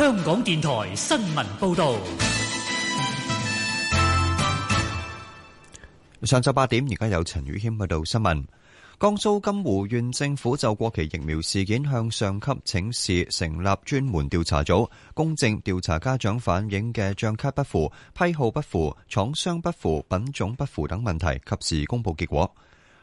香港電台新聞報道：上晝八點，而家有陳宇謙報道新聞。江蘇金湖縣政府就過期疫苗事件向上級請示，成立專門調查組，公正調查家長反映嘅賬卡不符、批號不符、廠商不符、品種不符等問題，及時公布結果。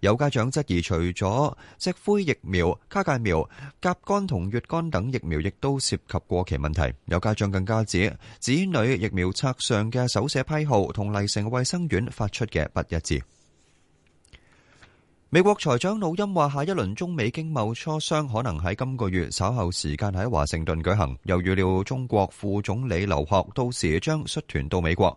有家長質疑，除咗脊灰疫苗、卡介苗、甲肝同乙肝等疫苗，亦都涉及過期問題。有家長更加指，子女疫苗冊上嘅手寫批號同麗城衛生院發出嘅不一致。美國財長紐欽話，下一輪中美經貿磋商可能喺今個月稍後時間喺華盛頓舉行，又預料中國副總理劉鶴到時將率團到美國。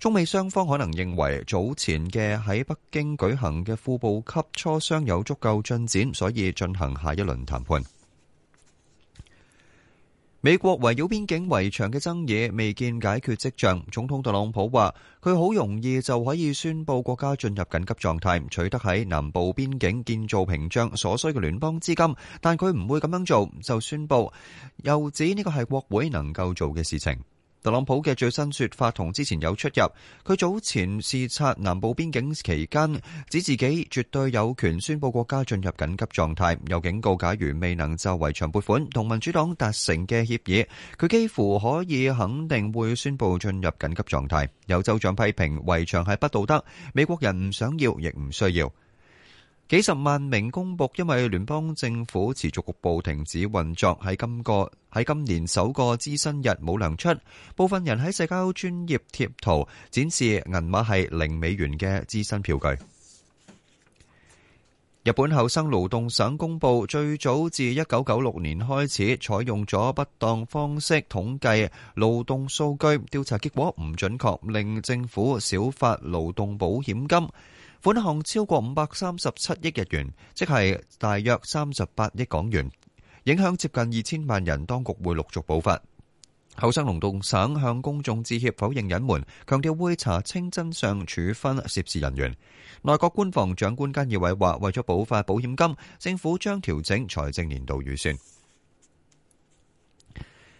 中美雙方可能認為早前嘅喺北京舉行嘅副部級磋商有足夠進展，所以進行下一輪談判。美國圍繞邊境圍牆嘅爭議未見解決跡象。總統特朗普話：佢好容易就可以宣佈國家進入緊急狀態，取得喺南部邊境建造屏障所需嘅聯邦資金，但佢唔會咁樣做，就宣佈又指呢個係國會能夠做嘅事情。特朗普嘅最新説法同之前有出入。佢早前視察南部邊境期間，指自己絕對有權宣佈國家進入緊急狀態，又警告假如未能就圍牆撥款同民主黨達成嘅協議，佢幾乎可以肯定會宣佈進入緊急狀態。有州長批評圍牆係不道德，美國人唔想要亦唔需要。幾十萬名公僕因為聯邦政府持續局部停止運作，喺今個喺今年首個支薪日冇糧出，部分人喺社交專頁貼圖展示銀碼係零美元嘅支薪票據。日本厚生勞動省公佈，最早自一九九六年開始，採用咗不當方式統計勞動數據，調查結果唔準確，令政府少發勞動保險金。款項超過五百三十七億日元，即係大約三十八億港元，影響接近二千萬人。當局會陸續補發。厚生勞動省向公眾致歉，否認隱瞞，強調會查清真相，處分涉事人員。內閣官房長官菅義偉話：為咗補發保險金，政府將調整財政年度預算。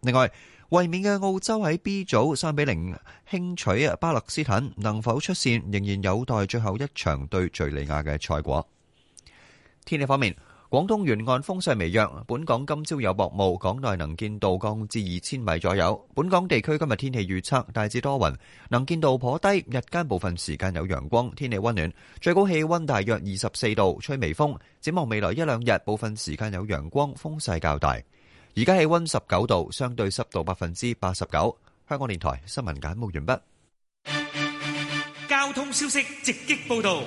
另外，衛冕嘅澳洲喺 B 組三比零輕取巴勒斯坦，能否出線仍然有待最後一場對敘利亞嘅賽果。天氣方面，廣東沿岸風勢微弱，本港今朝有薄霧，港內能見度降至二千米左右。本港地區今日天氣預測大致多雲，能見度頗低，日間部分時間有陽光，天氣温暖，最高氣温大約二十四度，吹微風。展望未來一兩日，部分時間有陽光，風勢較大。而家氣溫十九度，相對濕度百分之八十九。香港電台新聞簡報完畢。交通消息直擊報道。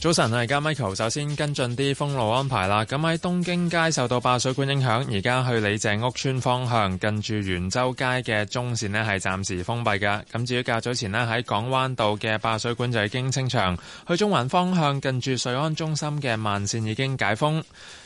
早晨，而家 Michael，首先跟進啲封路安排啦。咁喺東京街受到爆水管影響，而家去李鄭屋村方向，近住元州街嘅中線咧，係暫時封閉噶。咁至於較早前咧喺港灣道嘅爆水管就已經清場，去中環方向近住瑞安中心嘅慢線已經解封。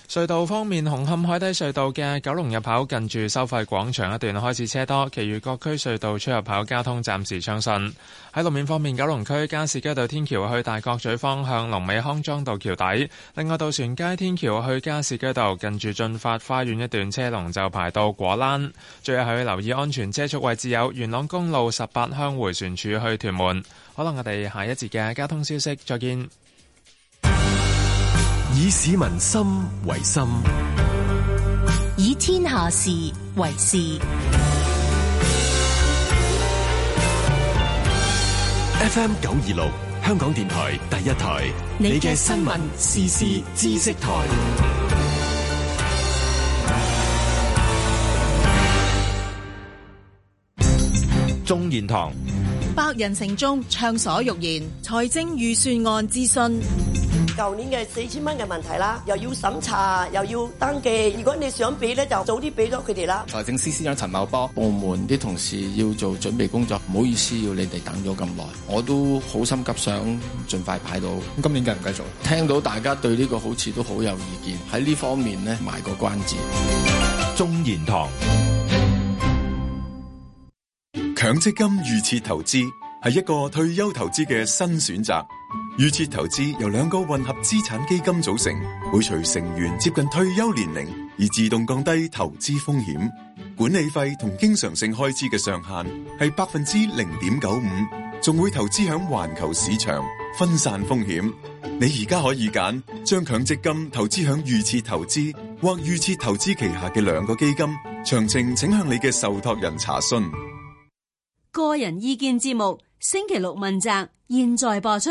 隧道方面，紅磡海底隧道嘅九龍入口近住收費廣場一段開始車多，其餘各區隧道出入口交通暫時暢順。喺路面方面，九龍區加士居道天橋去大角咀方向龍尾康莊道橋底，另外渡船街天橋去加士居道近住駿發花園一段車龍就排到果欄。最後要留意安全車速位置有元朗公路十八鄉回旋處去屯門。可能我哋下一節嘅交通消息再見。以市民心為心，以天下事為事。FM 九二六，香港電台第一台，你嘅新聞、時事、知識台。眾言堂，百人成眾暢所欲言，財政預算案資訊。舊年嘅四千蚊嘅問題啦，又要審查，又要登記。如果你想俾咧，就早啲俾咗佢哋啦。財政司司長陳茂波，部門啲同事要做準備工作，唔好意思要你哋等咗咁耐，我都好心急，想盡快排到。今年繼唔繼續？聽到大家對呢個好似都好有意見，喺呢方面咧埋個關子。中賢堂，強積金預設投資係一個退休投資嘅新選擇。預設投資由兩個混合資產基金組成，會隨成員接近退休年齡而自動降低投資風險。管理費同經常性開支嘅上限係百分之零點九五，仲會投資響環球市場，分散風險。你而家可以揀將強積金投資響預設投資或預設投資旗下嘅兩個基金。詳情請向你嘅受託人查詢。個人意見節目，星期六問責，現在播出。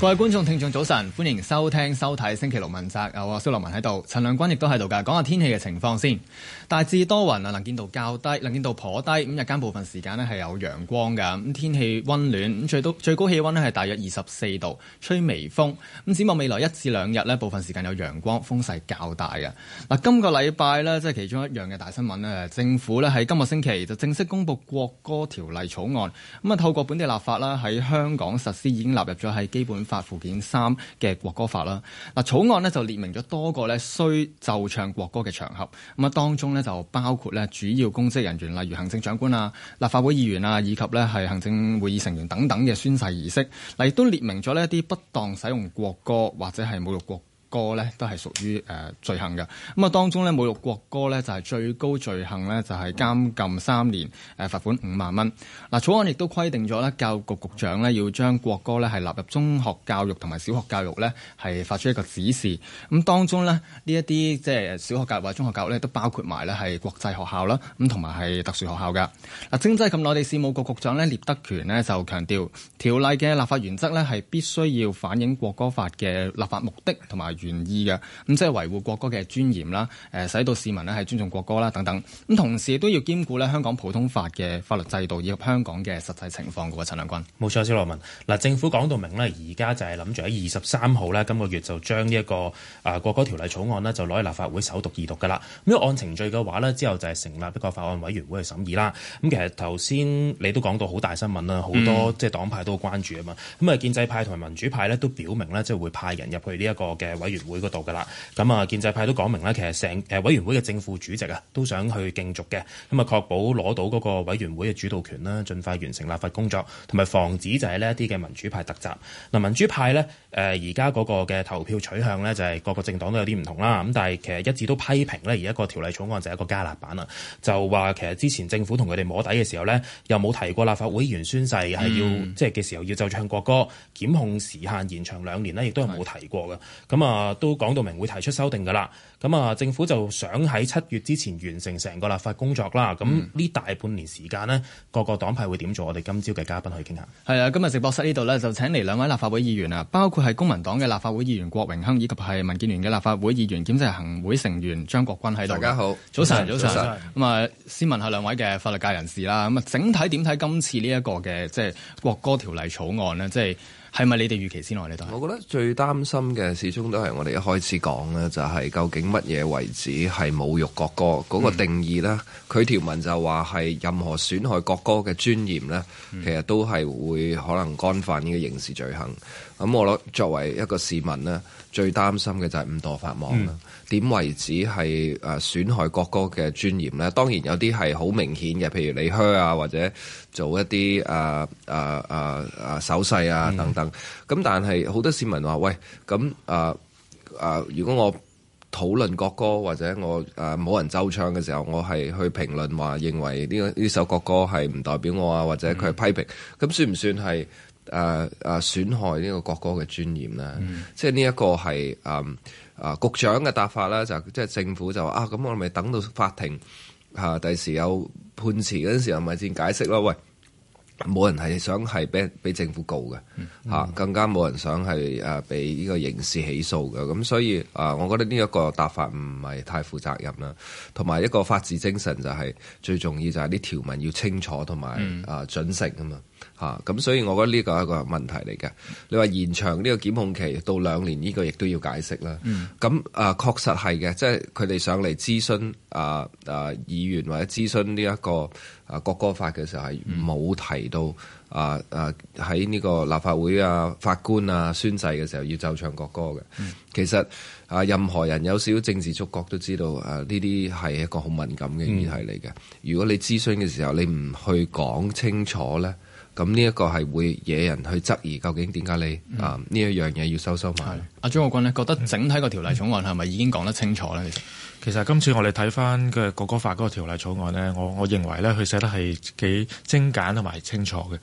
各位觀眾、聽眾，早晨，歡迎收聽、收睇《星期六問責》，我，有阿蘇羅文喺度，陳亮君亦都喺度㗎。講下天氣嘅情況先。大致多雲啊，能見度較低，能見度頗低。咁日間部分時間咧係有陽光㗎，咁天氣温暖。咁最都最高氣温咧係大約二十四度，吹微風。咁展望未來一至兩日咧，部分時間有陽光，風勢較大嘅。嗱，今個禮拜呢，即係其中一樣嘅大新聞呢，政府呢喺今個星期就正式公佈國歌條例草案。咁啊，透過本地立法啦，喺香港實施已經納入咗喺基本。法附件三嘅國歌法啦，嗱，草案呢就列明咗多個呢需奏唱國歌嘅場合，咁啊當中呢就包括呢主要公職人員，例如行政長官啊、立法會議員啊，以及呢係行政會議成員等等嘅宣誓儀式，嗱，亦都列明咗呢一啲不當使用國歌或者係侮辱國歌呢都係屬於誒、呃、罪行嘅，咁、嗯、啊當中呢，侮辱國歌呢就係、是、最高罪行呢，就係、是、監禁三年誒、呃、罰款五萬蚊。嗱、啊、草案亦都規定咗呢，教育局局長呢要將國歌呢係納入中學教育同埋小學教育呢係發出一個指示。咁、嗯、當中呢，呢一啲即係小學教育或者中學教育呢，都包括埋呢係國際學校啦，咁同埋係特殊學校嘅。嗱、啊，政制及內地事務局局，局長呢，聶德權呢就強調條例嘅立法原則呢係必須要反映國歌法嘅立法目的同埋。原意嘅，咁即係維護國歌嘅尊嚴啦，誒，使到市民咧係尊重國歌啦等等，咁同時都要兼顧咧香港普通法嘅法律制度以及香港嘅實際情況嘅喎，陳良君。冇錯，小羅文，嗱、啊，政府講到明咧，而家就係諗住喺二十三號呢，今個月就將呢一個啊國歌條例草案呢，就攞去立法會首讀二讀噶啦。咁按程序嘅話呢，之後就係成立一個法案委員會去審議啦。咁其實頭先你都講到好大新聞啦，好多即係黨派都關注啊嘛。咁啊，建制派同埋民主派呢，都表明呢，即、就、係、是、會派人入去呢一個嘅委。委員會度噶啦，咁啊建制派，都講明啦，其實成誒委員會嘅正副主席啊，都想去競逐嘅，咁啊確保攞到嗰個委員會嘅主導權啦，盡快完成立法工作，同埋防止就係呢一啲嘅民主派突襲。嗱，民主派咧誒而家嗰個嘅投票取向咧，就係各個政黨都有啲唔同啦。咁但係其實一致都批評咧，而家個條例草案就係一個加辣版啊，就話其實之前政府同佢哋摸底嘅時候咧，又冇提過立法會議員宣誓係要即係嘅時候要奏唱國歌，檢控時限延長兩年呢，亦都有冇提過嘅，咁啊。啊，都講到明會提出修訂噶啦，咁、嗯、啊，政府就想喺七月之前完成成個立法工作啦。咁、嗯、呢大半年時間呢，各個黨派會點做我談談？我哋今朝嘅嘉賓去傾下。係啊，今日直播室呢度呢，就請嚟兩位立法會議員啊，包括係公民黨嘅立法會議員郭榮鏗，以及係民建聯嘅立法會議員、兼職行會成員張國鈞喺度。大家好，早晨，早晨。咁啊，先問下兩位嘅法律界人士啦。咁啊，整體點睇今次呢、這、一個嘅即係國歌條例草案呢？即係。係咪你哋預期先嚟？呢？都，我覺得最擔心嘅始終都係我哋一開始講呢，就係究竟乜嘢為止係侮辱國歌嗰個定義呢，佢、嗯、條文就話係任何損害國歌嘅尊嚴呢，其實都係會可能干犯呢個刑事罪行。咁我諗作為一個市民呢，最擔心嘅就係誤墮法網啦。嗯點為止係誒損害國歌嘅尊嚴呢？當然有啲係好明顯嘅，譬如李靴啊，或者做一啲誒誒誒誒手勢啊等等。咁、嗯、但係好多市民話：喂，咁誒誒，如果我討論國歌或者我誒冇、啊、人奏唱嘅時候，我係去評論話認為呢個呢首國歌係唔代表我啊，或者佢係批評，咁、嗯、算唔算係誒誒損害呢個國歌嘅尊嚴呢？嗯、即係呢一個係誒。嗯啊，局長嘅答法咧就即、是、係、就是、政府就話啊，咁我咪等到法庭嚇第時有判詞嗰陣時候，咪先解釋咯。喂，冇人係想係俾俾政府告嘅嚇、啊，更加冇人想係誒俾呢個刑事起訴嘅。咁、啊、所以啊，我覺得呢一個答法唔係太負責任啦。同埋一個法治精神就係、是、最重要，就係啲條文要清楚同埋、嗯、啊準成啊嘛。嚇咁、啊，所以我覺得呢個係一個問題嚟嘅。你話延長呢個檢控期到兩年，呢個亦都要解釋啦。咁、嗯、啊，確實係嘅，即係佢哋上嚟諮詢啊啊議員或者諮詢呢、這、一個啊國歌法嘅時候，係冇提到、嗯、啊啊喺呢個立法會啊法官啊宣誓嘅時候要奏唱國歌嘅。嗯、其實啊，任何人有少少政治觸覺都知道啊，呢啲係一個好敏感嘅議題嚟嘅、嗯。如果你諮詢嘅時候，你唔去講清楚咧～咁呢一個係會惹人去質疑，究竟點解你、嗯、啊呢一樣嘢要收收埋？阿張國鈞咧，覺得整體個條例草案係咪已經講得清楚咧？其實、嗯嗯、其實今次我哋睇翻嘅《國歌法》嗰個條例草案咧，我我認為咧，佢寫得係幾精簡同埋清楚嘅。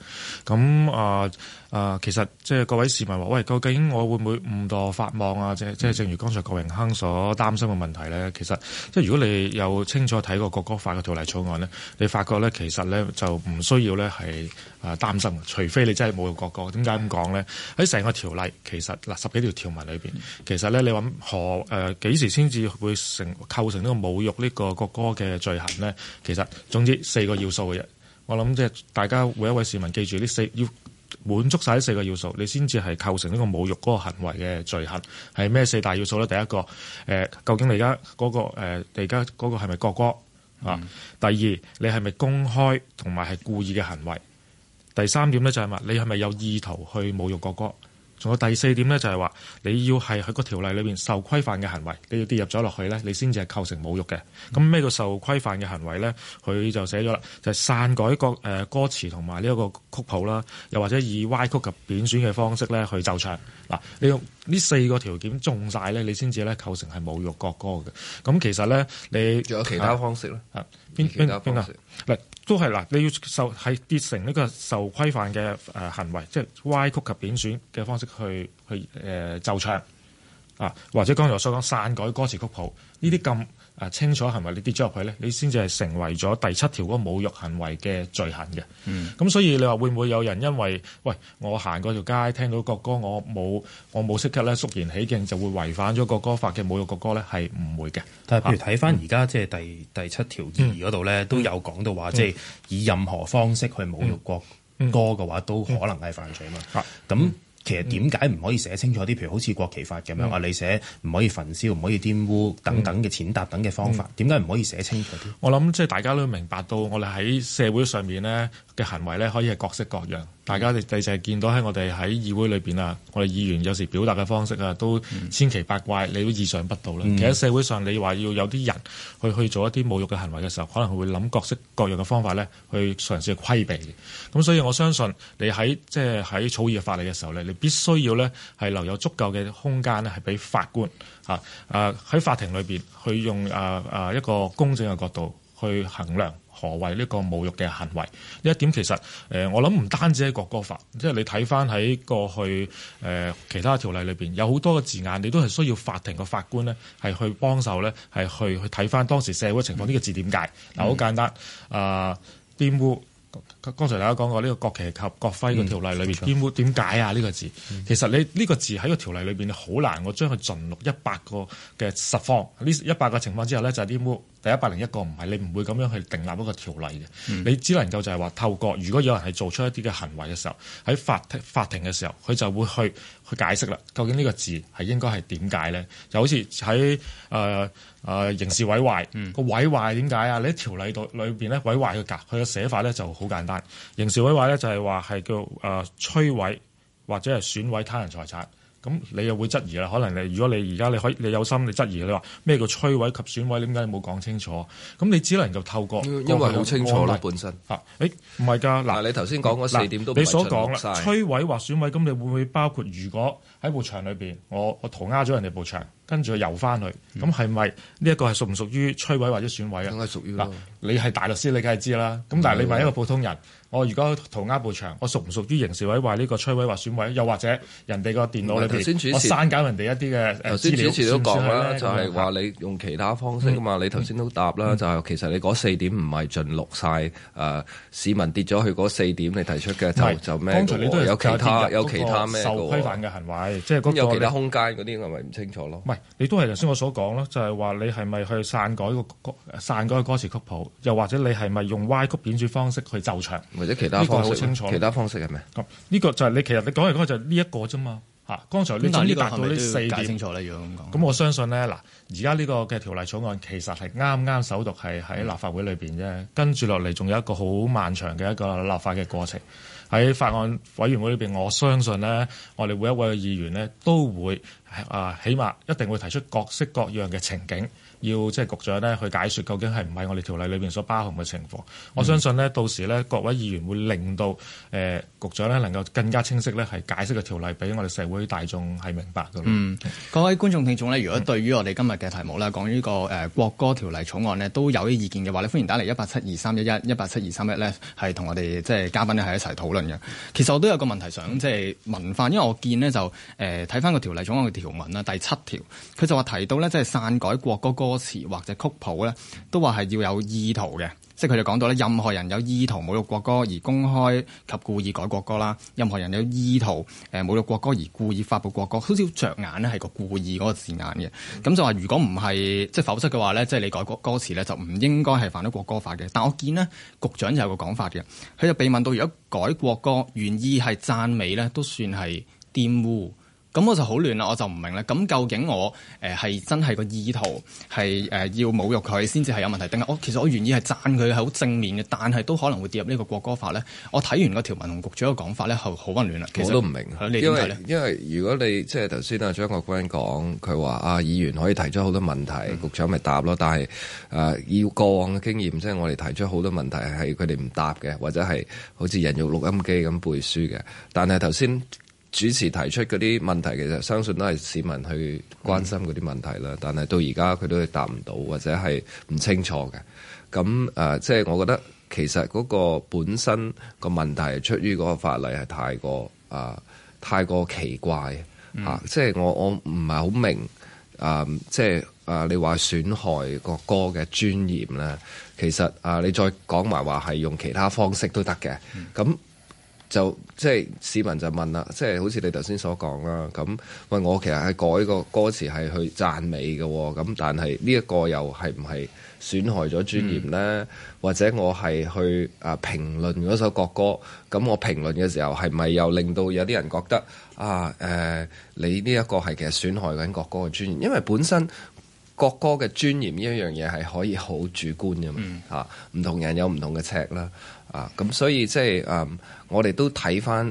咁啊。呃啊，其實即係各位市民話，喂，究竟我會唔會誤墮法網啊？即即係正如剛才郭榮鏗所擔心嘅問題咧。其實即係如果你有清楚睇過國歌法嘅條例草案呢，你發覺咧，其實咧就唔需要咧係啊擔心，除非你真係侮辱國歌。點解咁講咧？喺成個條例其實嗱十幾條條文裏邊，其實咧你諗何誒幾、呃、時先至會成構成呢個侮辱呢個國歌嘅罪行咧？其實總之四個要素嘅啫。我諗即係大家每一位市民記住呢四要。滿足晒呢四個要素，你先至係構成呢個侮辱嗰個行為嘅罪行。係咩四大要素咧？第一個，誒、呃，究竟你而家嗰個誒，你而家嗰個係咪國歌啊？嗯、第二，你係咪公開同埋係故意嘅行為？第三點咧就係話，你係咪有意圖去侮辱國歌？仲有第四點咧，就係話你要係喺個條例裏邊受規範嘅行為，你要跌入咗落去咧，你先至係構成侮辱嘅。咁咩叫受規範嘅行為咧？佢就寫咗啦，就係、是、篡改國誒、呃、歌詞同埋呢一個曲譜啦，又或者以歪曲及貶損嘅方式咧去奏唱嗱。呢個呢四個條件中晒咧，你先至咧構成係侮辱國歌嘅。咁其實咧，你仲有其他方式咧？啊，邊邊邊啊？嗱。都係啦，你要受係變成呢個受規範嘅誒、呃、行為，即係歪曲及貶損嘅方式去去誒、呃、奏唱啊，或者剛才我所講篡改歌詞曲譜呢啲咁。啊！清楚行為你跌咗入去咧，你先至係成為咗第七條嗰個侮辱行為嘅罪行嘅。咁、嗯、所以你話會唔會有人因為喂我行嗰條街聽到國歌，我冇我冇即刻咧，肅然起敬就會違反咗國歌法嘅侮辱國歌咧？係唔會嘅。但係譬如睇返而家即係第第七條二嗰度咧，嗯嗯、都有講到話即係以任何方式去侮辱國歌嘅、嗯嗯、話，都可能係犯罪嘛。咁其實點解唔可以寫清楚啲？譬如好似國旗法咁樣，你、嗯、寫唔可以焚燒，唔可以玷污等等嘅踐踏等嘅方法，點解唔可以寫清楚啲？我諗即係大家都明白到，我哋喺社會上面咧，嘅行為咧，可以係各式各樣。大家哋第時係見到喺我哋喺議會裏邊啊，我哋議員有時表達嘅方式啊，都千奇百怪，你都意想不到啦。嗯、其實社會上你話要有啲人去去做一啲侮辱嘅行為嘅時候，可能佢會諗各式各樣嘅方法咧，去嘗試規避。咁所以我相信你喺即係喺草擬法例嘅時候咧，你必須要咧係留有足夠嘅空間咧，係俾法官嚇啊喺法庭裏邊去用啊啊一個公正嘅角度去衡量，何謂呢個侮辱嘅行為？呢一點其實，誒、呃，我諗唔單止喺國歌法，即係你睇翻喺過去誒、呃、其他條例裏邊，有好多嘅字眼，你都係需要法庭嘅法官咧，係去幫手咧，係去去睇翻當時社會情況呢個字點解？嗱、嗯，好簡單，誒，玷污。剛才大家講過呢個國旗及國徽嘅條例裏邊，玷污點解啊？呢、呢個字、嗯、其實你呢個字喺個條例裏邊，你好難我將佢盡錄一百個嘅實況。呢一百個情況之後咧，就係玷污。第一百零一個唔係，你唔會咁樣去訂立一個條例嘅。嗯、你只能夠就係話透過，如果有人係做出一啲嘅行為嘅時候，喺法法庭嘅時候，佢就會去去解釋啦。究竟呢個字係應該係點解咧？就好似喺誒誒刑事毀壞個毀、嗯、壞點解啊？你喺條例度裏邊咧毀壞嘅格，佢嘅寫法咧就好簡單。刑事毀壞咧就係話係叫誒、呃、摧毀或者係損毀他人財產。咁你又會質疑啦？可能你如果你而家你可以你有心你質疑你話咩叫「摧毀」及「損毀」，你點解冇講清楚？咁你只能夠透過，過，過因為好清楚啦本身嚇，誒唔係㗎嗱，你頭先講嗰四點都唔係出曬，摧毀或損毀，咁你會唔會包括如果？喺部牆裏邊，我我塗鴉咗人哋部牆，跟住又遊翻去，咁係咪呢一個係屬唔屬於摧毀或者損毀啊？梗係屬於啦！你係大律師，你梗係知啦。咁但係你咪一個普通人，我如果塗鴉部牆，我屬唔屬於刑事毀壞呢個摧毀或損毀？又或者人哋個電腦裏邊，我刪減人哋一啲嘅資料？頭先主持都講啦，就係話你用其他方式噶嘛。你頭先都答啦，就係其實你嗰四點唔係盡錄晒，誒，市民跌咗去嗰四點你提出嘅就就咩？剛才你都係有其他有其他咩受規範嘅行為？有其他空間嗰啲我咪唔清楚咯。唔係、那個，嗯、你都係頭先我所講咯，就係、是、話你係咪去篡改個歌，篡改個歌詞曲譜，又或者你係咪用歪曲演説方式去奏唱，或者其他方式？清楚。其他方式係咩？呢、這個就係、是、你其實你講嚟講去就係呢一個啫嘛。嚇、啊，剛才呢啲達到呢四點。咁、嗯、我相信咧，嗱，而家呢個嘅條例草案其實係啱啱首讀係喺立法會裏邊啫，跟住落嚟仲有一個好漫長嘅一個立法嘅過程。喺法案委員會裏邊，我相信咧，我哋每一位嘅議員咧，都會啊，起碼一定會提出各式各樣嘅情景。要即係局長咧去解說究竟係唔係我哋條例裏邊所包含嘅情況，嗯、我相信咧到時咧各位議員會令到誒、呃、局長咧能夠更加清晰咧係解釋個條例俾我哋社會大眾係明白嘅。嗯，各位觀眾聽眾咧，如果對於我哋今日嘅題目咧講呢個誒國歌條例草案咧都有啲意見嘅話咧，歡迎打嚟，就是，一八七二三一一一八七二三一咧，係同我哋即係嘉賓咧係一齊討論嘅。其實我都有個問題想即係問翻，因為我見咧就誒睇翻個條例草案嘅條文啦，第七條佢就話提到咧即係篡改國歌，歌詞或者曲譜咧，都話係要有意圖嘅，即係佢哋講到咧，任何人有意圖侮辱國歌而公開及故意改國歌啦，任何人有意圖誒侮辱國歌而故意發布國歌，好少着眼咧係個故意嗰個字眼嘅。咁、嗯、就話如果唔係，即係否則嘅話咧，即係你改國歌詞咧就唔應該係犯咗國歌法嘅。但我見呢，局長就有個講法嘅，佢就被問到，如果改國歌，原意係讚美咧，都算係玷污。咁我就好亂啦，我就唔明咧。咁究竟我誒係真係個意圖係誒要侮辱佢先至係有問題，定係我其實我願意係讚佢係好正面嘅，但係都可能會跌入呢個國歌法咧。我睇完個條文同局長嘅講法咧，係好温暖啦。其實我都唔明，因為因為如果你即係頭先啊張國鈞講，佢話啊議員可以提出好多問題，嗯、局長咪答咯。但係誒、啊、以過往嘅經驗，即、就、係、是、我哋提出好多問題係佢哋唔答嘅，或者係好似人肉錄音機咁背書嘅。但係頭先。主持提出嗰啲問題，其實相信都係市民去關心嗰啲問題啦。嗯、但係到而家佢都係答唔到，或者係唔清楚嘅。咁誒即係我覺得其實嗰個本身個問題係出於嗰個法例係太過啊、呃，太過奇怪、嗯、啊！即、就、係、係、我我唔係好明啊，即係啊，你話損害國歌嘅尊嚴咧，其實啊、呃，你再講埋話，係用其他方式都得嘅，咁、嗯。就即係市民就問啦，即係好似你頭先所講啦，咁喂我其實係改個歌詞係去讚美嘅，咁但係呢一個又係唔係損害咗尊嚴呢？或者我係去啊、呃、評論嗰首國歌，咁我評論嘅時候係咪又令到有啲人覺得啊誒、呃，你呢一個係其實損害緊國歌嘅尊嚴？因為本身國歌嘅尊嚴呢一樣嘢係可以好主觀嘅嘛，嚇唔、嗯啊、同人有唔同嘅尺啦。啊，咁所以即係，誒、嗯，我哋都睇翻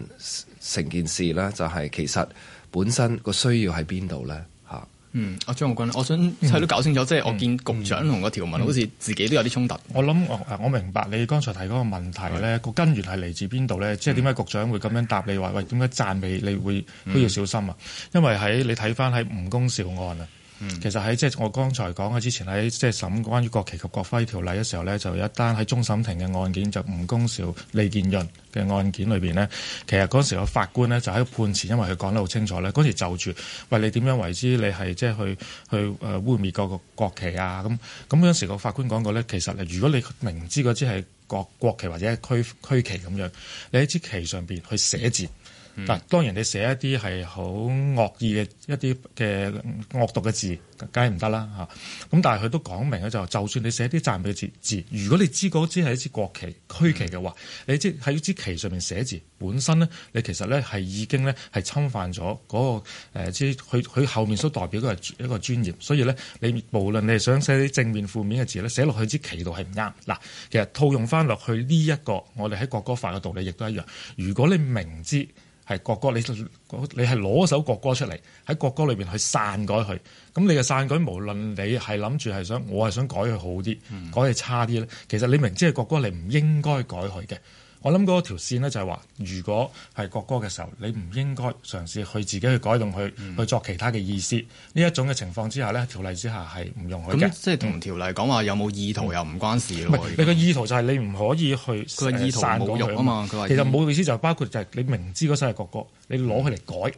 成件事啦，就係、是、其實本身個需要喺邊度咧吓。嗯，阿張國鈞，我想係都搞清楚，嗯、即係我見局長同個條文、嗯、好似自己都有啲衝突。我諗我，我明白你剛才提嗰個問題咧，嗯、個根源係嚟自邊度咧？嗯、即係點解局長會咁樣答你話？喂，點解讚美你，你會都要小心啊？嗯嗯、因為喺你睇翻喺吳公兆案啊。嗯、其實喺即係我剛才講嘅之前喺即係審關於國旗及國徽條例嘅時候咧，就有一單喺終審庭嘅案件，就是、吳公兆李建潤嘅案件裏邊呢，其實嗰時個法官呢，就喺判詞，因為佢講得好清楚咧，嗰時就住，喂，你點樣為之你係即係去去誒、呃、污蔑個國，國旗啊咁，咁嗰陣時個法官講過咧，其實如果你明知嗰支係國國旗或者係區區旗咁樣，你喺支旗上邊去寫字。嗱，嗯、當然你寫一啲係好惡意嘅一啲嘅惡毒嘅字，梗係唔得啦嚇。咁、嗯、但係佢都講明咧、就是，就就算你寫啲讚美嘅字字，如果你知嗰支係一支國旗區旗嘅話，你即喺支旗上面寫字，本身咧你其實咧係已經咧係侵犯咗嗰、那個誒佢佢後面所代表嘅一個尊嚴。所以咧，你無論你想寫啲正面負面嘅字咧，寫落去支旗度係唔啱。嗱，其實套用翻落去呢、這、一個我哋喺國歌法嘅道理亦都一樣。如果你明知係國歌，你你係攞首國歌出嚟喺國歌裏邊去篡改佢，咁你嘅篡改無論你係諗住係想我係想改佢好啲，改佢差啲咧，其實你明知係國歌你，你唔應該改佢嘅。我諗嗰條線呢，就係話，如果係國歌嘅時候，你唔應該嘗試去自己去改動佢，嗯、去作其他嘅意思。呢一種嘅情況之下呢，條例之下係唔容許嘅。嗯、即係同條例講話有冇意圖、嗯、又唔關事咯、嗯。你個意圖就係你唔可以去佢意圖冇用啊嘛。其實冇意思就包括就係你明知嗰首係國歌，你攞佢嚟改。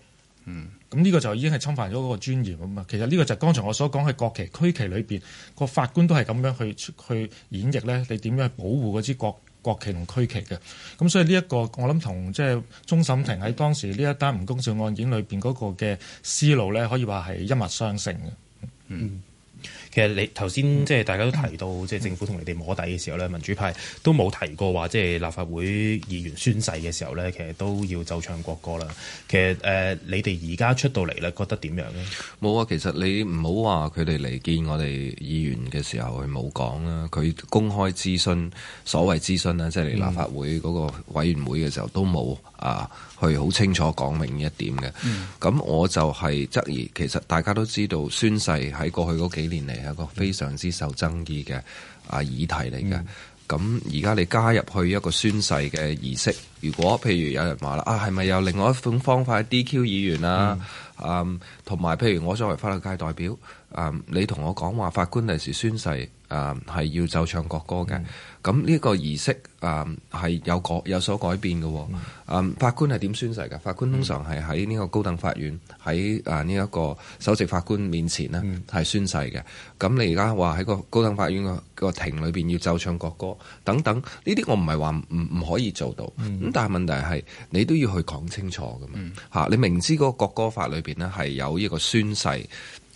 嗯。咁呢、嗯、個就已經係侵犯咗嗰個尊嚴啊嘛。其實呢個就係剛才我所講係國旗區旗裏邊個法官都係咁樣去去演繹呢，你點樣去保護嗰支國？國旗同區旗嘅。咁所以呢、這、一個我諗同即係終審庭喺當時呢一單唔公正案件裏邊嗰個嘅思路呢，可以話係一脈相承嘅。嗯。其實你頭先即係大家都提到，即係政府同你哋摸底嘅時候咧，民主派都冇提過話，即係立法會議員宣誓嘅時候咧，其實都要奏唱國歌啦。其實誒、呃，你哋而家出到嚟咧，覺得點樣呢？冇啊，其實你唔好話佢哋嚟見我哋議員嘅時候佢冇講啦，佢公開諮詢、所謂諮詢啊，即係嚟立法會嗰個委員會嘅時候、嗯、都冇啊，去好清楚講明呢一點嘅。咁、嗯、我就係質疑，其實大家都知道宣誓喺過去嗰幾年嚟，係一個非常之受爭議嘅啊議題嚟嘅，咁而家你加入去一個宣誓嘅儀式，如果譬如有人話啦啊，係咪有另外一種方法？DQ 議員啊，嗯，同埋、嗯、譬如我作為法律界代表，嗯，你同我講話法官第時宣誓，嗯，係要奏唱國歌嘅。嗯咁呢個儀式啊係、嗯、有改有所改變嘅喎、哦、啊、嗯、法官係點宣誓㗎？法官通常係喺呢個高等法院喺啊呢一個首席法官面前呢係、嗯、宣誓嘅。咁你而家話喺個高等法院個庭裏邊要奏唱國歌等等，呢啲我唔係話唔唔可以做到。咁、嗯、但係問題係你都要去講清楚㗎嘛嚇，嗯、你明知嗰個國歌法裏邊呢係有呢個宣誓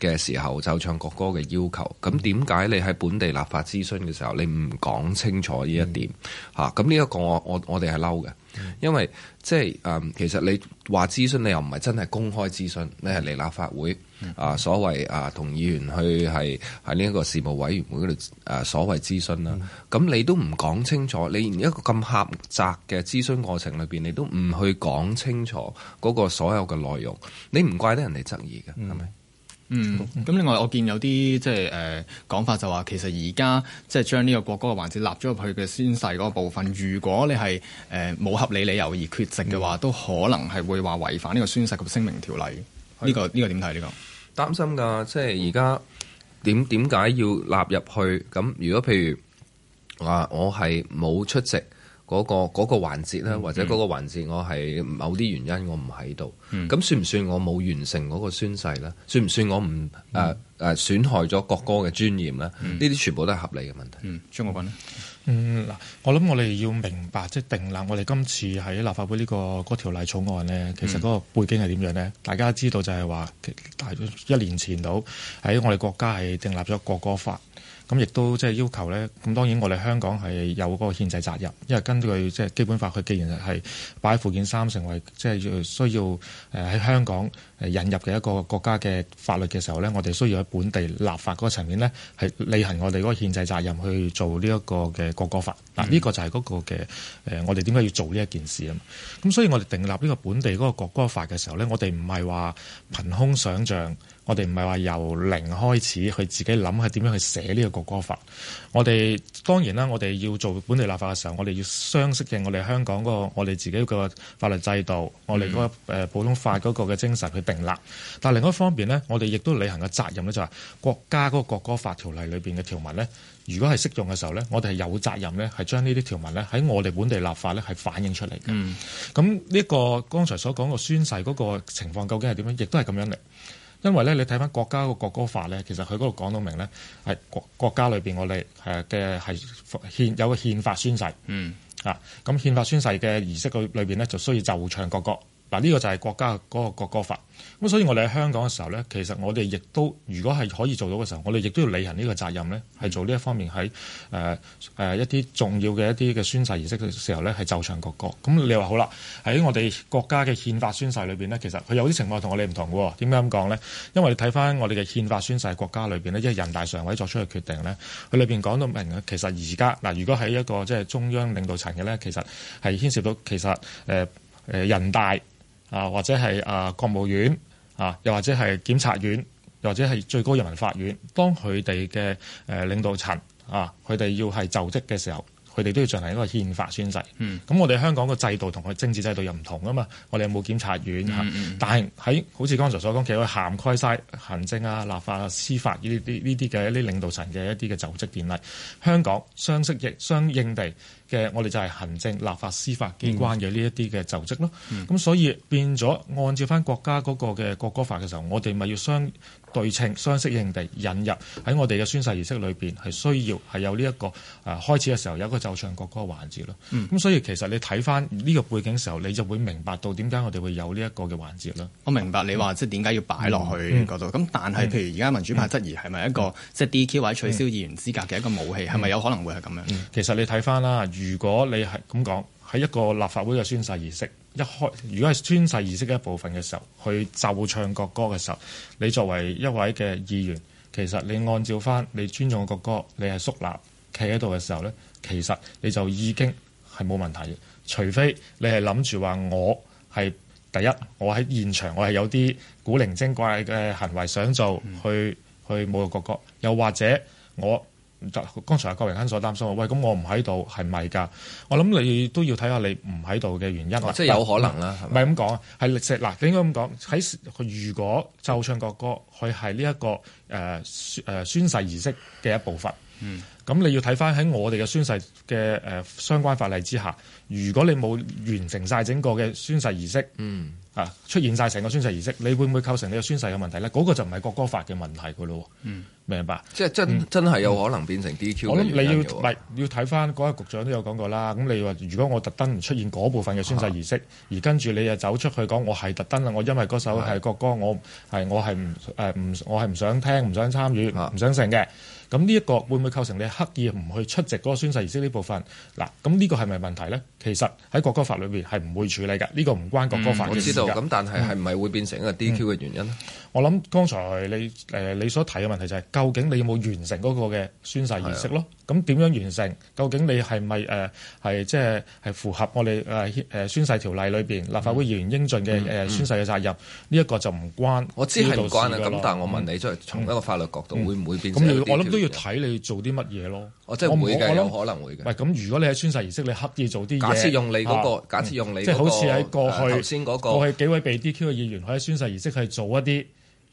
嘅時候就唱國歌嘅要求，咁點解你喺本地立法諮詢嘅時候，你唔講清楚呢一點？嚇、嗯，咁呢一個我我我哋係嬲嘅，嗯、因為即係誒、嗯，其實你話諮詢，你又唔係真係公開諮詢，你係嚟立法會啊，所謂啊同議員去係喺呢一個事務委員會度誒所謂諮詢啦。咁、嗯啊、你都唔講清楚，你一個咁狹窄嘅諮詢過程裏邊，你都唔去講清楚嗰個所有嘅內容，你唔怪得人哋質疑嘅，係咪？嗯嗯，咁另外我見有啲即係誒講法就話，是，其實而家即係將呢個國歌嘅環節納咗入去嘅宣誓嗰個部分，如果你係誒冇合理理由而缺席嘅話，嗯、都可能係會話違反呢個宣誓及聲明條例。呢個呢個點睇呢個？擔心噶，即係而家點點解要納入去？咁如果譬如話我係冇出席。嗰、那個嗰、那個環節咧，或者嗰個環節我係某啲原因我唔喺度，咁、嗯、算唔算我冇完成嗰個宣誓咧？算唔算我唔誒誒損害咗國歌嘅尊嚴咧？呢啲、嗯、全部都係合理嘅問題。張、嗯、國鈞呢？嗯嗱，我諗我哋要明白即係、就是、定立我哋今次喺立法會呢、這個嗰條例草案咧，其實嗰個背景係點樣咧？嗯、大家知道就係話大一年前度，喺我哋國家係訂立咗國歌法。咁亦都即係要求咧，咁當然我哋香港係有嗰個憲制責任，因為根據即係基本法，佢既然係擺附件三成為即係要需要誒喺香港誒引入嘅一個國家嘅法律嘅時候咧，我哋需要喺本地立法嗰個層面咧係履行我哋嗰個憲制責任去做呢一個嘅國歌法。嗱，呢個就係嗰個嘅誒我哋點解要做呢一件事啊？咁所以我哋訂立呢個本地嗰個國歌法嘅、嗯、時候咧，我哋唔係話憑空想象。我哋唔係話由零開始去自己諗係點樣去寫呢個國歌法。我哋當然啦，我哋要做本地立法嘅時候，我哋要相適應我哋香港嗰個我哋自己個法律制度，我哋嗰個誒普通法嗰個嘅精神去定立。但係另外一方面呢，我哋亦都履行嘅責任咧、就係，就係國家嗰個國歌法條例裏邊嘅條文呢，如果係適用嘅時候呢，我哋係有責任呢，係將呢啲條文呢喺我哋本地立法呢係反映出嚟嘅。咁呢、嗯、個剛才所講個宣誓嗰個情況究竟係點樣？亦都係咁樣嚟。因為咧，你睇返國家個國歌法咧，其實佢嗰度講到明咧，係國國家裏邊我哋誒嘅係憲有個憲法宣誓，嗯啊，咁憲法宣誓嘅儀式個裏邊咧，就需要就唱國歌。嗱呢個就係國家嗰個國歌法，咁所以我哋喺香港嘅時候咧，其實我哋亦都如果係可以做到嘅時候，我哋亦都要履行呢個責任咧，係做呢一方面喺誒誒一啲重要嘅一啲嘅宣誓儀式嘅時候咧，係奏唱國歌。咁你話好啦，喺我哋國家嘅憲法宣誓裏邊呢，其實佢有啲情況同我哋唔同嘅喎。點解咁講呢？因為你睇翻我哋嘅憲法宣誓國家裏邊呢，即係人大常委作出嘅決定呢，佢裏邊講到明其實而家嗱，如果喺一個即係中央領導層嘅咧，其實係牽涉到其實誒誒、呃、人大。啊，或者係啊國務院啊，又或者係檢察院，又或者係最高人民法院，當佢哋嘅誒領導層啊，佢哋要係就職嘅時候。佢哋都要進行一個憲法宣誓，咁、嗯、我哋香港嘅制度同佢政治制度又唔同啊嘛，我哋有冇檢察院吓？嗯嗯、但係喺好似剛才所講，其實佢涵蓋晒行政啊、立法、啊、司法呢啲呢啲嘅一啲領導層嘅一啲嘅就職典禮，香港相適應相應地嘅我哋就係行政、立法、司法機關嘅呢一啲嘅就職咯，咁、嗯、所以變咗按照翻國家嗰個嘅國歌法嘅時候，我哋咪要相對稱相適應地引入喺我哋嘅宣誓儀式裏邊，係需要係有呢、這、一個啊、呃、開始嘅時候有一個奏唱國歌嘅環節咯。咁、嗯、所以其實你睇翻呢個背景嘅時候，你就會明白到點解我哋會有呢一個嘅環節咯。我明白你話即係點解要擺落去嗰度。咁、嗯嗯、但係譬如而家民主派質疑係咪一個即係 DQ 或者取消議員資格嘅一個武器，係咪、嗯、有可能會係咁樣、嗯嗯？其實你睇翻啦，如果你係咁講。喺一個立法會嘅宣誓儀式，一開如果係宣誓儀式嘅一部分嘅時候，去就唱國歌嘅時候，你作為一位嘅議員，其實你按照翻你尊重嘅國歌，你係肅立企喺度嘅時候呢，其實你就已經係冇問題嘅，除非你係諗住話我係第一，我喺現場，我係有啲古靈精怪嘅行為想做，去去侮辱國歌，又或者我。唔得，剛才阿郭榮鏗所擔心喎，喂，咁我唔喺度係咪㗎？我諗你都要睇下你唔喺度嘅原因。即係有可能啦，係咪但？唔係咁講啊，係石嗱，吧應該咁講，喺如果就唱國歌，歌，佢係呢一個誒誒、呃、宣誓儀式嘅一部分。嗯，咁你要睇翻喺我哋嘅宣誓嘅誒、呃、相關法例之下，如果你冇完成晒整個嘅宣誓儀式，嗯。啊！出現晒成個宣誓儀式，你會唔會構成你個宣誓嘅問題咧？嗰個就唔係國歌法嘅問題㗎咯。嗯，明白。即係真真係有可能變成 DQ。我諗你要唔要睇翻嗰個局長都有講過啦。咁你話如果我特登唔出現嗰部分嘅宣誓儀式，而跟住你又走出去講我係特登啊！我因為嗰首係國歌，我係我係唔誒唔我係唔想聽、唔想參與、唔想成嘅。咁呢一個會唔會構成你刻意唔去出席嗰個宣誓儀式呢部分？嗱，咁呢個係咪問題咧？其實喺國歌法裏邊係唔會處理㗎，呢、呢個唔關國歌法嘅事嘅、嗯、我知道，咁但係係唔係會變成一個 DQ 嘅原因咧？嗯嗯我諗剛才你誒你所提嘅問題就係究竟你有冇完成嗰個嘅宣誓儀式咯？咁點樣完成？究竟你係咪誒係即係係符合我哋誒誒宣誓條例裏邊立法會議員應盡嘅誒宣誓嘅責任？呢一個就唔關。我知係唔關啊，咁但係我問你即係從一個法律角度、嗯嗯、會唔會變？咁我諗都要睇你做啲乜嘢咯。哦、即我我諗可能會嘅。喂，咁，如果你喺宣誓儀式你刻意做啲假設用你嗰、嗰個假設用你即係好似喺過去頭先嗰個過去幾位被 DQ 嘅議員佢喺宣誓儀式去做一啲。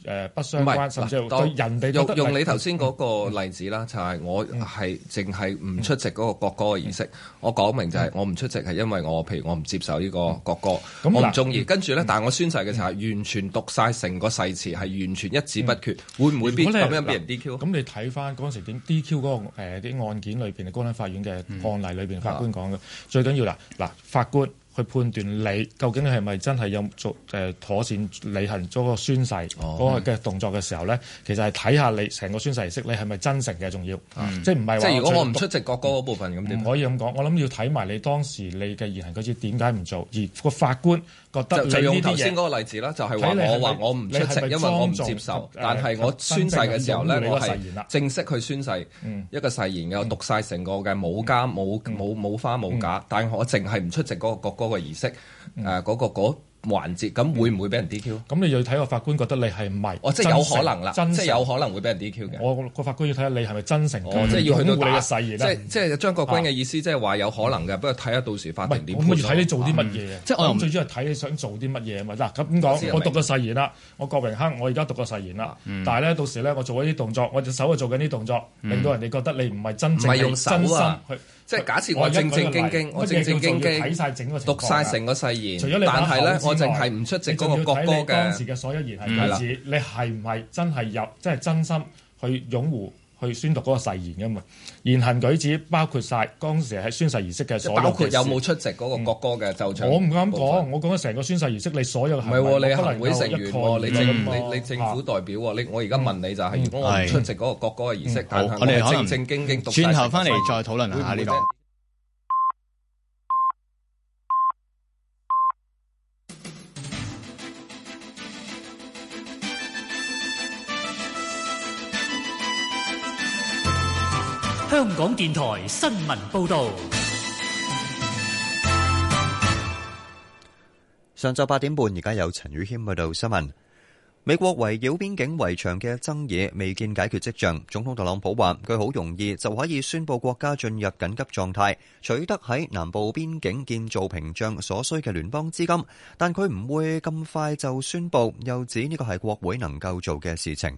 誒不相關，甚至對人哋用你頭先嗰個例子啦，就係我係淨係唔出席嗰個國歌嘅儀式，我講明就係我唔出席係因為我譬如我唔接受呢個國歌，我唔中意。跟住咧，但係我宣誓嘅就係完全讀晒成個誓詞，係完全一字不缺。會唔會變咁樣變人 DQ？咁你睇翻嗰陣時點 DQ 嗰個誒啲案件裏邊嘅高等法院嘅案例裏邊法官講嘅最緊要啦嗱法官。去判斷你究竟你係咪真係有做誒妥善履行咗、哦嗯、個宣誓嗰個嘅動作嘅時候咧，其實係睇下你成個宣誓儀式你係咪真誠嘅重要，嗯、即係唔係話，即係如果我唔出席國歌部分咁你唔可以咁講。我諗要睇埋你當時你嘅言行舉止，點解唔做，而個法官。就就用頭先嗰個例子啦，就係、是、話，我話我唔出席，因為我唔接受。但係我宣誓嘅時候咧，我係正式去宣誓，一個誓言嘅，我讀晒成個嘅冇家、冇冇冇花冇假。但係我淨係唔出席嗰個國歌嘅儀式，誒、呃、嗰、嗰個嗰個環節咁會唔會俾人 DQ？咁你要睇個法官覺得你係唔係？哦，即係有可能啦，真係誠有可能會俾人 DQ 嘅。我個法官要睇下你係咪真誠、哦即，即係要擁護你嘅誓言啦。即係張國鈞嘅意思，即係話有可能嘅，啊、不過睇下到時法庭點判。我唔睇你做啲乜嘢。即係我，、啊嗯即我啊、最主要係睇你想做啲乜嘢啊嘛。嗱，咁講，我讀個誓言啦，我郭榮鏗，我而家讀個誓言啦。嗯、但係咧，到時咧，我做一啲動作，我隻手啊做緊啲動作，令到、嗯、人哋覺得你唔係真正用手、啊、真誠。即係假設我正正經經，我正正經經睇晒整個，讀晒成個誓言。但係咧，我淨係唔出席嗰個國歌嘅，當時嘅所有言係，嗯、你你係唔係真係入，即係真心去擁護？去宣讀嗰個誓言噶嘛，言行舉止包括晒，當時係宣誓儀式嘅所有嘅事包括有冇出席嗰個國歌嘅奏唱。我唔敢講，我講咗成個宣誓儀式，你所有係。唔係喎，你會成員你政你你政府代表你我而家問你就係，我唔出席嗰個國歌嘅儀式，但係我正正經經讀曬成份轉頭翻嚟再討論下呢個。香港電台新聞報道：上晝八點半，而家有陳宇謙報道新聞。美國圍繞邊境圍牆嘅爭議未見解決跡象。總統特朗普話：佢好容易就可以宣布國家進入緊急狀態，取得喺南部邊境建造屏障所需嘅聯邦資金，但佢唔會咁快就宣布，又指呢個係國會能夠做嘅事情。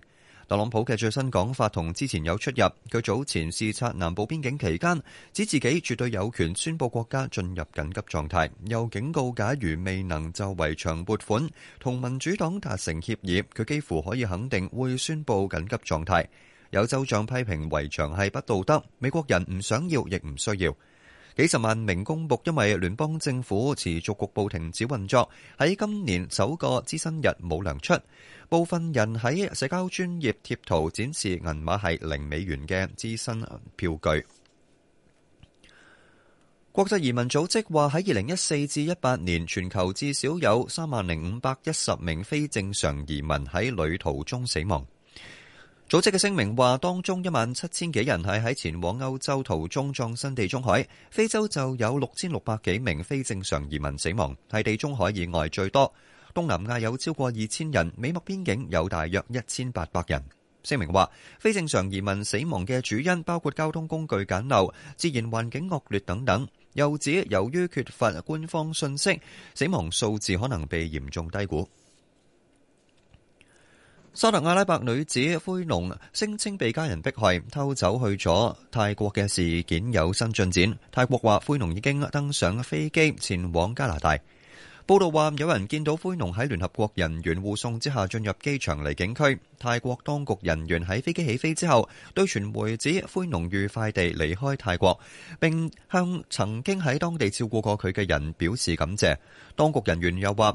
特朗普嘅最新講法同之前有出入，佢早前視察南部邊境期間，指自己絕對有權宣佈國家進入緊急狀態，又警告假如未能就圍牆撥款，同民主黨達成協議，佢幾乎可以肯定會宣佈緊急狀態。有州長批評圍牆係不道德，美國人唔想要亦唔需要。幾十萬名公僕，因為聯邦政府持續局部停止運作，喺今年首個支薪日冇糧出。部分人喺社交專業貼圖展示銀碼係零美元嘅支薪票據。國際移民組織話喺二零一四至一八年，全球至少有三萬零五百一十名非正常移民喺旅途中死亡。組織嘅聲明話，當中一萬七千幾人係喺前往歐洲途中葬身地中海，非洲就有六千六百幾名非正常移民死亡，係地中海以外最多。東南亞有超過二千人，美墨邊境有大約一千八百人。聲明話，非正常移民死亡嘅主因包括交通工具簡陋、自然環境惡劣等等。又指由於缺乏官方信息，死亡數字可能被嚴重低估。沙特阿拉伯女子灰農聲稱被家人迫害偷走去咗泰國嘅事件有新進展。泰國話灰農已經登上飛機前往加拿大。報道話有人見到灰農喺聯合國人員護送之下進入機場離境區。泰國當局人員喺飛機起飛之後對傳媒指灰農愉快地離開泰國，並向曾經喺當地照顧過佢嘅人表示感謝。當局人員又話。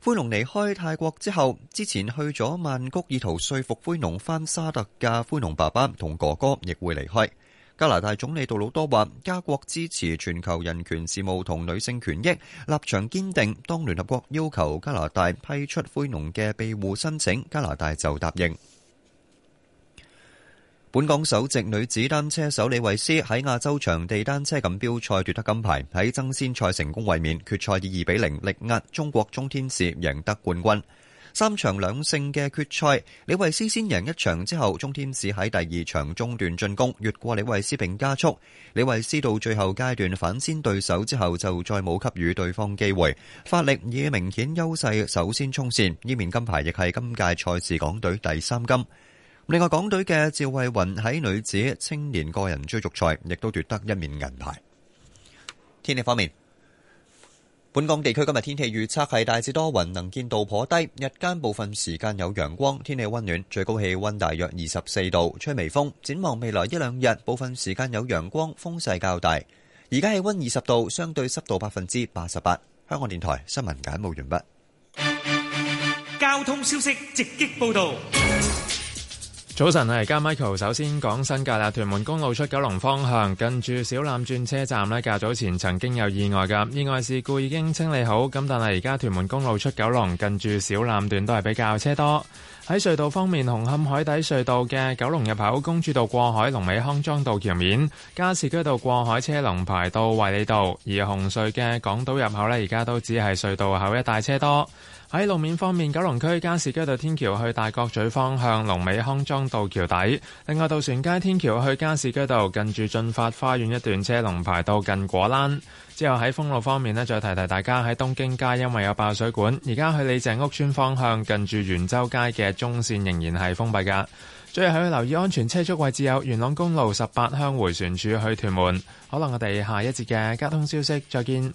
灰龍離開泰國之後，之前去咗曼谷，意圖說服灰龍返沙特。噶灰龍爸爸同哥哥亦會離開。加拿大總理杜魯多話，加國支持全球人權事務同女性權益，立場堅定。當聯合國要求加拿大批出灰龍嘅庇護申請，加拿大就答應。本港首席女子單車手李慧詩喺亞洲場地單車錦標賽奪得金牌，喺爭先賽成功衛冕，決賽以二比零力壓中國鍾天使贏得冠軍。三場兩勝嘅決賽，李慧詩先贏一場之後，鍾天使喺第二場中段進攻，越過李慧詩並加速。李慧詩到最後階段反先對手之後，就再冇給予對方機會，發力以明顯優勢首先衝線。呢面金牌亦係今屆賽事港隊第三金。另外，港隊嘅趙慧雲喺女子青年個人追逐賽亦都奪得一面銀牌。天氣方面，本港地區今日天氣預測係大致多雲，能見度頗低，日間部分時間有陽光，天氣溫暖，最高氣溫大約二十四度，吹微風。展望未來一兩日，部分時間有陽光，風勢較大。而家氣溫二十度，相對濕度百分之八十八。香港電台新聞簡報完畢。交通消息直擊報道。早晨係，而家 Michael。首先講新界啦，屯門公路出九龍方向，近住小欖轉車站呢，較早前曾經有意外嘅意外事故，已經清理好。咁但係而家屯門公路出九龍，近住小欖段都係比較車多。喺隧道方面，紅磡海底隧道嘅九龍入口，公主道過海，龍尾康莊道橋面，加士居道過海車龍排到衛理道，而紅隧嘅港島入口呢，而家都只係隧道口一帶車多。喺路面方面，九龍區加士居道天橋去大角咀方向，龍尾康莊道橋底；另外，渡船街天橋去加士居道近住駿發花園一段車，車龍排到近果欄。之後喺封路方面呢，再提提大家喺東京街，因為有爆水管，而家去李鄭屋村方向近住元州街嘅中線仍然係封閉噶。最後要留意安全車速位置有元朗公路十八鄉迴旋處去屯門。可能我哋下一節嘅交通消息再見。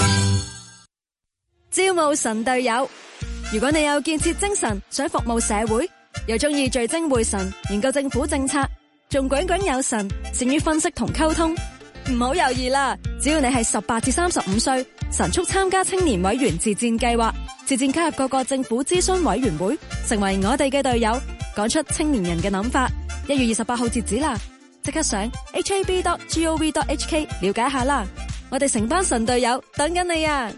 招募神隊友，如果你有建設精神，想服務社會，又中意聚精會神研究政府政策，仲炯炯有神，善於分析同溝通，唔好猶豫啦！只要你係十八至三十五歲，神速參加青年委員自薦計劃，自薦加入各個政府諮詢委員會，成為我哋嘅隊友，講出青年人嘅諗法。一月二十八號截止啦，即刻上 hab.gov.hk 了解下啦！我哋成班神隊友等緊你啊！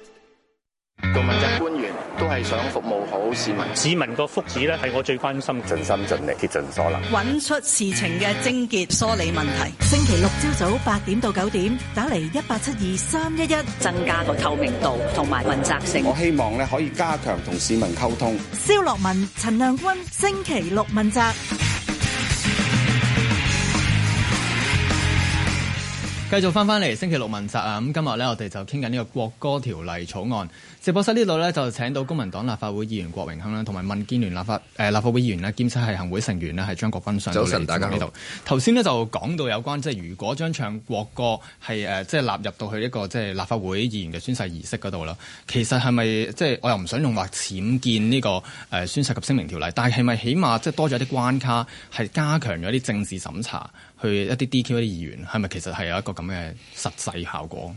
做問責官員都係想服務好市民，市民個福祉咧係我最關心，盡心盡力竭盡所能，揾出事情嘅症結，梳理問題。星期六朝早八點到九點，打嚟一八七二三一一，增加個透明度同埋問責性。我希望咧可以加強同市民溝通。蕭樂文、陳亮君，星期六問責，繼續翻翻嚟，星期六問責啊！咁今日咧我哋就傾緊呢個國歌條例草案。直播室呢度咧就請到公民黨立法會議員郭榮鏗啦，同埋民建聯立法誒立法會議員咧，兼且係行會成員呢，係張國鈞先生。早晨上，大家喺度。頭先呢，就講到有關即係如果將唱國歌係誒即係納入到去一個即係立法會議員嘅宣誓儀式嗰度啦，其實係咪即係我又唔想用話僭建呢個誒宣誓及聲明條例，但係係咪起碼即係多咗一啲關卡，係加強咗一啲政治審查，去一啲 DQ 啲議員，係咪其實係有一個咁嘅實際效果？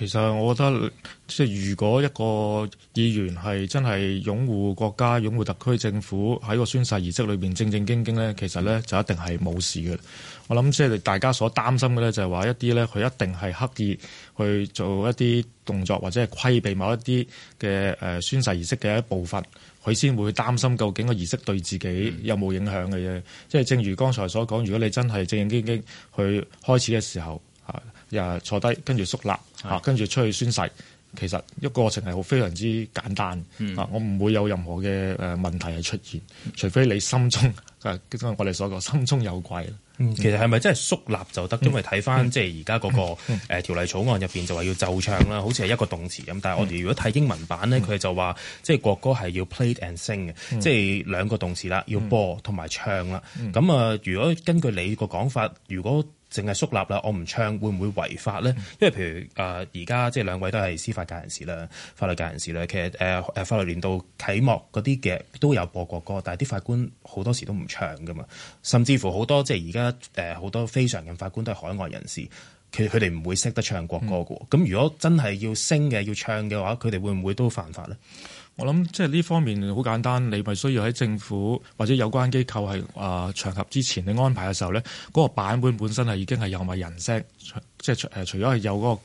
其實我覺得，即係如果一個議員係真係擁護國家、擁護特區政府，喺個宣誓儀式裏邊正正經經咧，其實咧就一定係冇事嘅。我諗即係大家所擔心嘅咧，就係話一啲咧佢一定係刻意去做一啲動作，或者係規避某一啲嘅誒宣誓儀式嘅一部分，佢先會擔心究竟個儀式對自己有冇影響嘅啫。即係、嗯、正如剛才所講，如果你真係正正經經經去開始嘅時候，嚇。坐低，跟住肅立，嚇，跟住出去宣誓。其實一個過程係好非常之簡單，嚇，嗯、我唔會有任何嘅誒問題係出現，嗯、除非你心中，即係我哋所講心中有鬼。嗯、其實係咪真係肅立就得？嗯、因為睇返即係而家嗰個誒條例草案入邊就話要奏唱啦，好似係一個動詞咁。但係我哋如果睇英文版咧，佢、嗯、就話即係國歌係要 play and sing 嘅，嗯、即係兩個動詞啦，要播同埋唱啦。咁啊，如果根據你個講法，如果淨係肅立啦，我唔唱會唔會違法咧？嗯、因為譬如誒，而、呃、家即係兩位都係司法界人士啦，法律界人士啦。其實誒誒、呃，法律年度啟幕嗰啲嘅都有播國歌，但係啲法官好多時都唔唱噶嘛。甚至乎好多即係而家誒好多非常任法官都係海外人士，佢佢哋唔會識得唱國歌噶。咁、嗯嗯、如果真係要升嘅要唱嘅話，佢哋會唔會都犯法咧？我諗即係呢方面好簡單，你咪需要喺政府或者有關機構係啊、呃、場合之前你安排嘅時候咧，嗰、嗰個版本本身係已經係有埋人聲，即係除誒除咗係有嗰、嗰個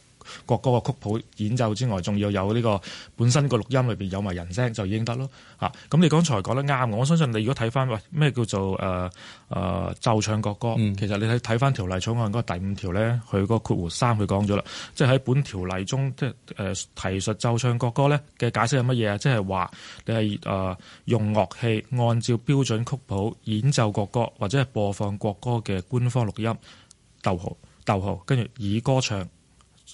國歌個曲譜演奏之外，仲要有呢個本身個錄音裏邊有埋人聲就已經得咯嚇。咁、啊、你剛才講得啱，我相信你如果睇翻喂咩叫做誒誒奏唱國歌，嗯、其實你睇睇翻條例草案嗰第五條咧，佢嗰括弧三佢講咗啦，即係喺本條例中，即係誒、呃、提述奏唱國歌咧嘅解釋係乜嘢啊？即係話你係誒、呃、用樂器按照標準曲譜演奏國歌，或者係播放國歌嘅官方錄音，逗號逗號跟住以歌唱。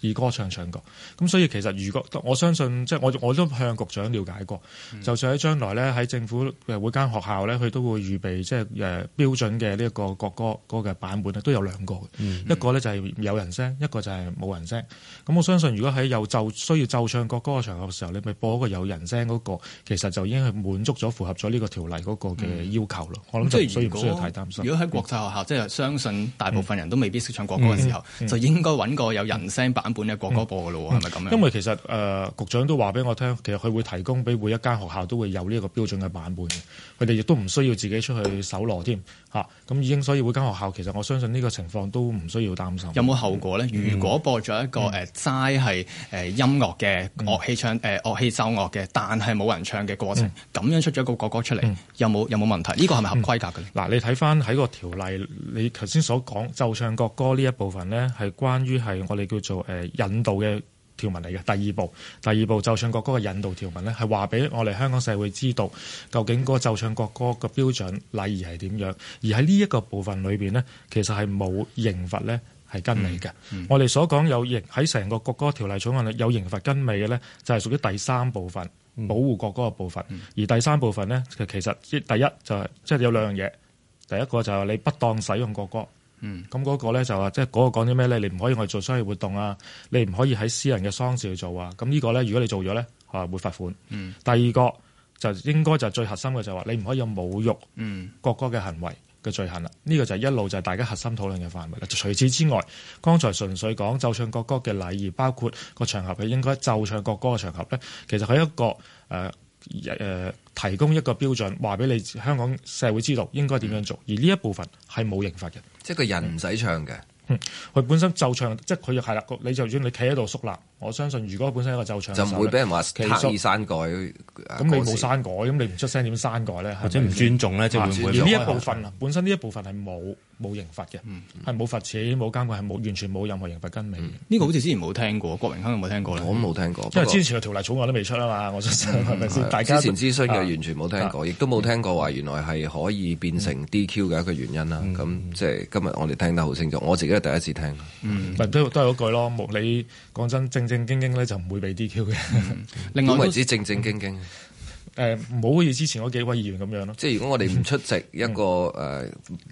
兒歌唱唱歌，咁、嗯嗯、所以其實如果我相信即係我我都向局長了解過，嗯、就算喺將來咧喺政府誒每間學校咧，佢都會預備即係誒標準嘅呢一個國歌嗰個版本咧，都有兩個嘅、嗯，一個咧就係有人聲，一個就係冇人聲，咁、嗯、我相信如果喺有奏需要奏唱國歌嘅場合嘅時候，你咪播一個有人聲嗰、那個，其實就已經係滿足咗符合咗呢個條例嗰個嘅要求咯。嗯、我諗即、嗯嗯、唔需要唔需要太擔心如，如果喺國際學校，即、就、係、是、相信大部分人都未必識唱國歌嘅時候，嗯嗯嗯嗯嗯、就應該揾個有人聲。嗯版本嘅國歌播噶咯，係咪咁樣？因為其實誒、呃，局長都話俾我聽，其實佢會提供俾每一間學校都會有呢個標準嘅版本嘅，佢哋亦都唔需要自己出去搜羅添吓。咁、啊、已經，所以每間學校其實我相信呢個情況都唔需要擔心。有冇後果咧？嗯、如果播咗一個誒齋係誒音樂嘅樂器唱誒樂、呃、器奏樂嘅，但係冇人唱嘅過程，咁、嗯、樣出咗一個國歌，歌出嚟、嗯，有冇有冇問題？呢、這個係咪合規格嘅？嗱、嗯嗯呃，你睇翻喺個條例，你頭先所講奏唱國歌呢一部分咧，係關於係我哋叫做誒。引導嘅條文嚟嘅，第二步，第二步奏唱國歌嘅引導條文咧，係話俾我哋香港社會知道究竟嗰個奏唱國歌嘅標準禮儀係點樣。而喺呢一個部分裏邊呢，其實係冇刑罰咧係跟尾嘅。我哋所講有刑喺成、嗯嗯，個國歌條例草案裏有刑罰跟尾嘅咧，就係屬於第三部分保護國歌嘅部分。嗯嗯、而第三部分呢，其實第一就係、是、即係有兩樣嘢，第一個就係你不當使用國歌。嗯，咁嗰個咧就話，即係嗰個講啲咩咧？你唔可以去做商業活動啊，你唔可以喺私人嘅喪事去做啊。咁呢個咧，如果你做咗咧嚇，會罰款。嗯，第二個就應該就最核心嘅就係話，你唔可以侮辱國歌嘅行為嘅罪行啦。呢、嗯、個就一路就係大家核心討論嘅範圍啦。除此之外，剛才純粹講奏唱國歌嘅禮儀，包括個場合佢應該奏唱國歌嘅場合咧，其實係一個誒誒、呃呃、提供一個標準，話俾你香港社會知道應該點樣做。嗯、而呢一部分係冇刑罰嘅。即係個人唔使唱嘅，佢、嗯、本身就唱，即係佢就係、係、啦、就係就係。你就算你企喺度肅立。我相信，如果本身一個就唱就唔會俾人話刻意刪改。咁你冇刪改，咁你唔出聲點刪改咧？或者唔尊重咧，即會唔會？而呢一部分啊，本身呢一部分係冇冇刑罰嘅，係冇罰錢、冇監管、係冇完全冇任何刑罰跟尾。呢個好似之前冇聽過，郭榮鏗有冇聽過咧？我冇聽過，因為之前嘅條例草案都未出啊嘛，我相信係咪先？大家之前諮詢嘅完全冇聽過，亦都冇聽過話原來係可以變成 DQ 嘅一個原因啦。咁即係今日我哋聽得好清楚，我自己係第一次聽。嗯，都都係嗰句咯。冇你講真正正經經咧就唔會俾 DQ 嘅，另外，為止正正經經、嗯？誒，唔好好似之前嗰幾位議員咁樣咯、啊。即係如果我哋唔出席一個誒、嗯呃、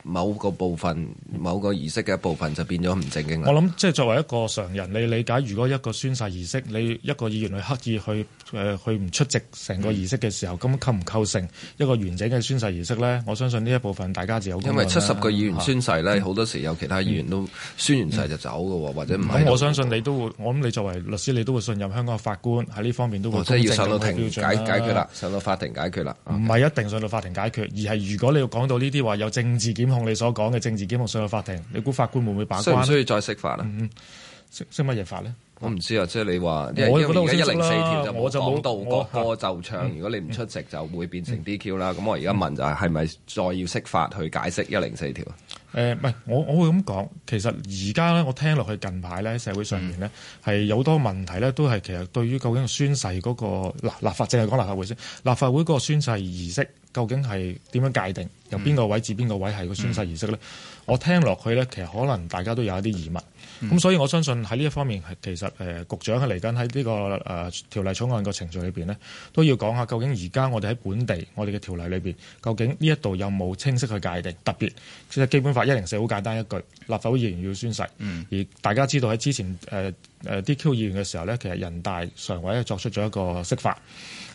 某個部分、某個儀式嘅一部分，就變咗唔正經嘅。我諗即係作為一個常人，你理解，如果一個宣誓儀式，你一個議員去刻意去誒、呃、去唔出席成個儀式嘅時候，咁、嗯、構唔構成一個完整嘅宣誓儀式咧？我相信呢一部分大家自有、啊。因為七十個議員宣誓咧，好、嗯、多時有其他議員都宣完誓就走嘅喎，或者唔係。咁、嗯、我相信你都會，我諗你作為律師，你都會信任香港嘅法官喺呢方面都會。即係要受到庭解解，解決啦。到法庭解決啦，唔係一定上到法庭解決，Okay. 而係如果你要講到呢啲話有政治檢控，你所講嘅政治檢控上到法庭，你估法官會唔會把關？需唔需要再釋法咧？識識乜嘢法咧？我唔知啊，即、就、係、是、你話，因為而家一零四條就冇講到個歌就唱，嗯、如果你唔出席，就會變成 DQ 啦。咁、嗯、我而家問就係，係咪再要釋法去解釋一零四條？誒、呃，唔係，我我會咁講，其實而家咧，我聽落去近排咧，社會上面咧係有多問題咧，都係其實對於究竟宣誓嗰個立立法，淨係講立法會先，立法會嗰個宣誓儀式究竟係點樣界定？由邊個位至邊個位係個宣誓儀式咧？嗯、我聽落去咧，其實可能大家都有一啲疑問。咁、嗯、所以我相信喺呢一方面，其實誒、呃、局長係嚟緊喺呢個誒、呃、條例草案個程序裏邊呢，都要講下究竟而家我哋喺本地我哋嘅條例裏邊，究竟呢一度有冇清晰去界定？特別其實基本法一零四好簡單一句，立法會議員要宣誓。嗯、而大家知道喺之前誒誒、呃呃、DQ 議員嘅時候呢，其實人大常委作出咗一個釋法。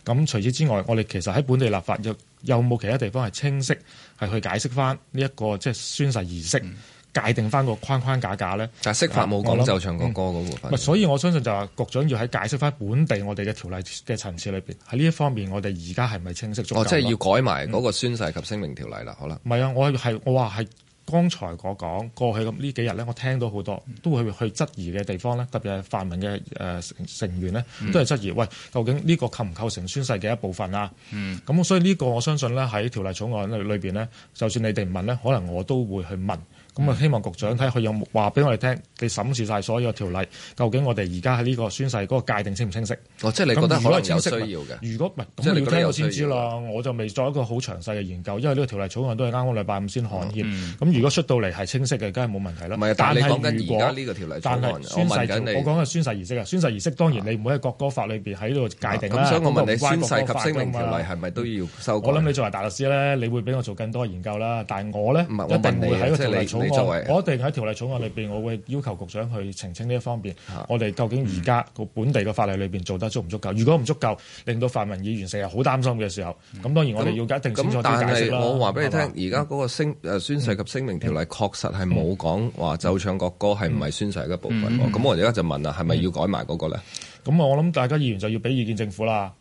咁除此之外，我哋其實喺本地立法又有冇其他地方係清晰係去解釋翻呢一個即係宣誓儀式？嗯界定翻個框框架架咧，就係釋法冇講想就唱國歌嗰部分、嗯。所以我相信就話局長要喺解釋翻本地我哋嘅條例嘅層次裏邊喺呢一方面，我哋而家係咪清晰咗？夠？哦，即係要改埋嗰個宣誓及聲明條例啦。嗯、好啦吧，唔係啊，我係我話係剛才我講過去咁呢幾日咧，我聽到好多都會去質疑嘅地方咧，特別係泛民嘅誒成成員咧，都係質疑喂，究竟呢個構唔構成宣誓嘅一部分啊？嗯，咁所以呢個我相信咧喺條例草案裏邊咧，就算你哋唔問咧，可能我都會去問。咁啊，希望局長睇下佢有冇話俾我哋聽，你審視晒所有條例，究竟我哋而家喺呢個宣誓嗰個界定清唔清晰？哦，即係你覺得可能需要嘅。如果唔係咁，你要聽我先知啦。我就未作一個好詳細嘅研究，因為呢個條例草案都係啱啱禮拜五先刊憲。咁如果出到嚟係清晰嘅，梗係冇問題啦。唔係，但係如果呢個條例草案宣誓，我講嘅宣誓儀式啊，宣誓儀式當然你唔會喺國歌法裏邊喺呢度界定啦。咁所以我問你，宣誓及聲明條例係咪都要修改？我諗你作為大律師咧，你會俾我做更多嘅研究啦。但係我咧唔係一定會喺個條例草案。我哋喺條例草案裏邊，我會要求局長去澄清呢一方面。我哋究竟而家個本地嘅法例裏邊做得足唔足夠？如果唔足夠，令到泛民議員成日好擔心嘅時候，咁當然我哋要一定清楚解釋啦。我話俾你聽，而家嗰個宣誓及聲明條例確實係冇講話就唱國歌係唔係宣誓嘅部分喎。咁我而家就問啦，係咪要改埋嗰個咧？咁我諗大家議員就要俾意見政府啦。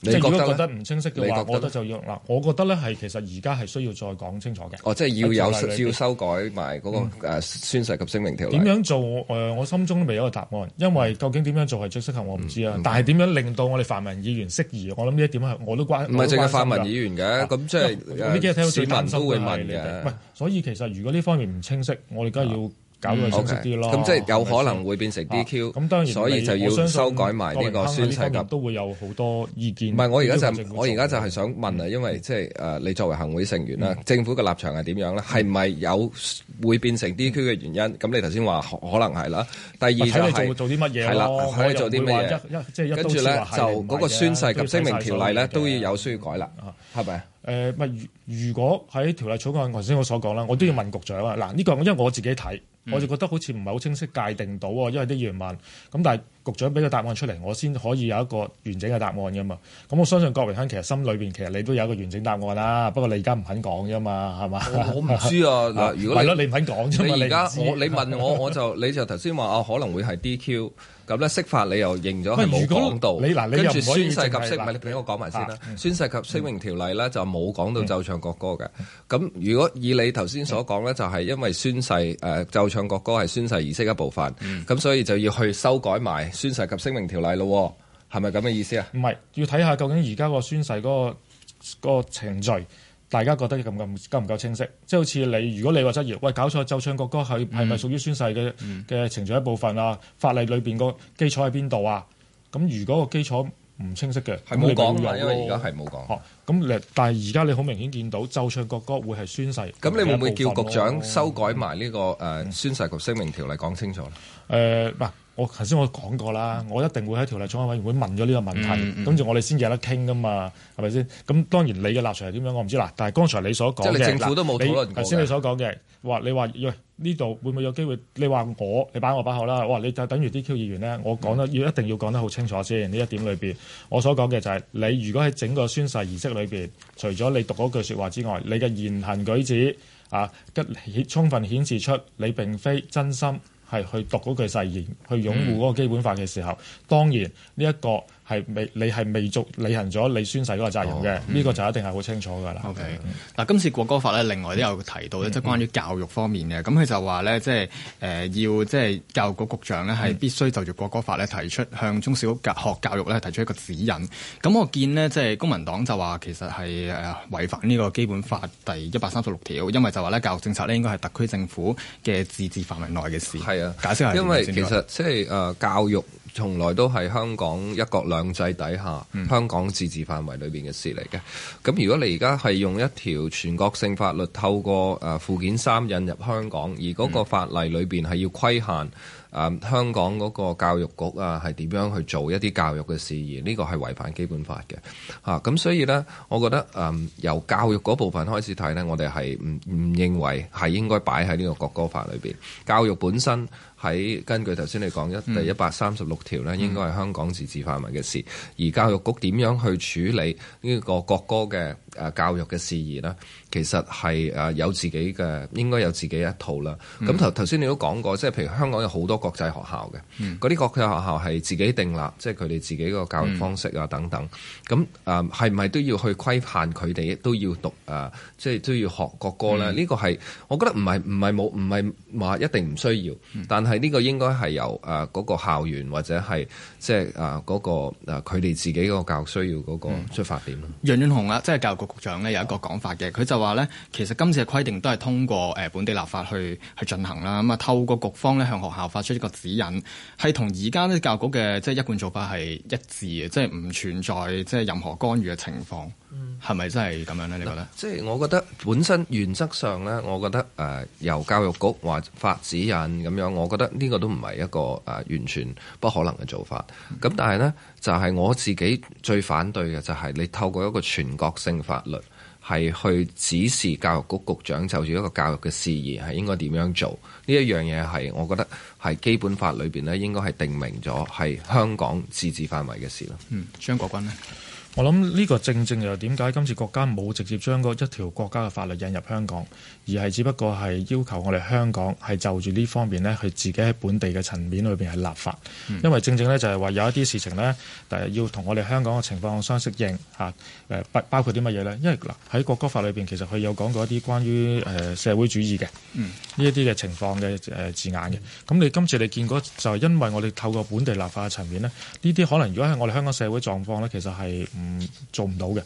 你即如果覺得唔清晰嘅話，覺我覺得就要嗱，我覺得咧係其實而家係需要再講清楚嘅。哦，即係要有需要修改埋嗰個宣誓及聲明條例。點、嗯、樣做誒、呃？我心中都未有一個答案，因為究竟點樣做係最適合我唔知啊。嗯嗯、但係點樣令到我哋泛民議員適宜？我諗呢一點係我都關唔係淨係泛民議員嘅。咁、啊、即係、啊、市民都會問嘅。唔係，所以其實如果呢方面唔清晰，我哋梗係要。好嘅，咁即係有可能會變成 DQ，所以就要修改埋呢個宣誓。咁都會有好多意見。唔係，我而家就我而家就係想問啊，因為即係誒，你作為行會成員啦，政府嘅立場係點樣咧？係唔係有會變成 DQ 嘅原因？咁你頭先話可能係啦。第二就係做啲乜嘢？係啦，可以做啲乜嘢？即係跟住咧，就嗰個宣誓及聲明條例咧，都要有需要改啦。係咪？誒，唔係，如果喺條例草案頭先我所講啦，我都要問局長啊。嗱，呢個因為我自己睇。我就覺得好似唔係好清晰界定到啊，因為啲原文。咁，但係。局長俾個答案出嚟，我先可以有一個完整嘅答案噶嘛。咁我相信郭榮鏗，其實心裏邊其實你都有一個完整答案啦，不過你而家唔肯講啫嘛，係嘛？我唔知啊。嗱，如果你唔肯講出嚟，你而家我你問我我就你就頭先話啊可能會係 DQ 咁咧，釋法你又認咗，冇講到。你嗱你又唔可以即係嗱，你俾我講埋先啦。宣誓及聲明條例咧就冇講到奏唱國歌嘅。咁如果以你頭先所講咧，就係因為宣誓誒奏唱國歌係宣誓儀式一部分，咁所以就要去修改埋。宣誓及聲明條例咯，係咪咁嘅意思啊？唔係，要睇下究竟而家個宣誓嗰、嗰個、嗰個程序，大家覺得夠唔夠唔夠清晰？即係好似你，如果你話質疑，喂搞錯，奏唱國歌係係咪屬於宣誓嘅嘅、嗯、程序一部分啊？法例裏邊個基礎喺邊度啊？咁如果個基礎唔清晰嘅，係冇講啦，因為而家係冇講。哦、啊，咁但係而家你好明顯見到奏唱國歌會係宣誓。咁你會唔會叫局長修改埋呢、呢個誒、呃呃、宣誓及聲明條例，講清楚咧？誒、呃，嗱、呃。我頭先我講過啦，我一定會喺條例草案委員會問咗呢個問題，跟住、嗯嗯、我哋先有得傾噶嘛，係咪先？咁當然你嘅立場係點樣，我唔知啦。但係剛才你所講嘅，政府都冇討論過、你頭先你所講嘅話，你話喂呢度會唔會有機會？你話我你擺我把口啦，哇！你就等於 DQ 議員咧，我講得要一定要講得好清楚先呢、嗯、一點裏邊，我所講嘅就係、是、你如果喺整個宣誓儀式裏邊，除咗你讀嗰句説話之外，你嘅言行舉止啊，吉充分顯示出你並非真心。係去讀嗰句誓言，去擁護嗰個基本法嘅時候，嗯、當然呢一個。係未，你係未足履行咗你宣誓嗰個責任嘅，呢、哦嗯、個就一定係好清楚㗎啦。O K，嗱，今次國歌法呢，另外都有提到呢，即係、嗯、關於教育方面嘅。咁佢、嗯、就話呢，即係誒要即係教育局局長呢，係必須就住國歌法呢提出向中小學，學教育呢提出一個指引。咁我見呢，即、就、係、是、公民黨就話其實係違反呢個基本法第一百三十六條，因為就話呢，教育政策呢應該係特區政府嘅自治範圍內嘅事。係啊，解釋下。因為其實即係誒教育。從來都係香港一國兩制底下、嗯、香港自治範圍裏邊嘅事嚟嘅。咁如果你而家係用一條全國性法律透過誒附件三引入香港，而嗰個法例裏邊係要規限。誒、嗯、香港嗰個教育局啊，係點樣去做一啲教育嘅事宜？呢個係違反基本法嘅嚇。咁、啊、所以呢，我覺得誒、嗯、由教育嗰部分開始睇呢，我哋係唔唔認為係應該擺喺呢個國歌法裏邊。教育本身喺根據頭先你講一第一百三十六條呢、嗯、應該係香港自治範圍嘅事。嗯、而教育局點樣去處理呢個國歌嘅誒、啊、教育嘅事宜呢？其實係誒有自己嘅，應該有自己一套啦。咁頭頭先你都講過，即係譬如香港有好多國際學校嘅，嗰啲、嗯、國際學校係自己定立，即係佢哋自己個教育方式啊等等。咁誒係唔係都要去規範佢哋都要讀誒？呃即係都要學國歌咧，呢、這個係我覺得唔係唔係冇唔係話一定唔需要，但係呢個應該係由誒嗰、啊那個校園或者係即係誒嗰個佢哋、啊那個啊、自己個教育需要嗰個出發點咯、嗯。楊潤雄啊，即係教育局局長咧有一個講法嘅，佢、嗯、就話咧，其實今次嘅規定都係通過誒本地立法去去進行啦。咁啊透過局方咧向學校發出一個指引，係同而家咧教育局嘅即係一貫做法係一致嘅，即係唔存在即係任何干預嘅情況。係咪 真係咁樣呢？你覺得？即係我覺得本身原則上呢，我覺得誒、呃，由教育局話法指引咁樣，我覺得呢個都唔係一個誒、呃、完全不可能嘅做法。咁但係呢，就係、是、我自己最反對嘅就係你透過一個全國性法律係去指示教育局局長就住一個教育嘅事宜係應該點樣做。呢一樣嘢係我覺得係基本法裏邊咧，應該係定明咗係香港自治範圍嘅事咯。嗯，張國鈞咧。我諗呢個正正又點解，今次國家冇直接將嗰一條國家嘅法律引入香港，而係只不過係要求我哋香港係就住呢方面呢，佢自己喺本地嘅層面裏邊係立法，因為正正呢，就係話有一啲事情呢，但係要同我哋香港嘅情況相適應嚇。啊誒不包括啲乜嘢咧？因為嗱喺國歌法裏邊，其實佢有講過一啲關於誒社會主義嘅、嗯、呢一啲嘅情況嘅誒字眼嘅。咁、嗯、你今次你見過就係因為我哋透過本地立法嘅層面呢，呢啲可能如果係我哋香港社會狀況咧，其實係唔、嗯、做唔到嘅。咁、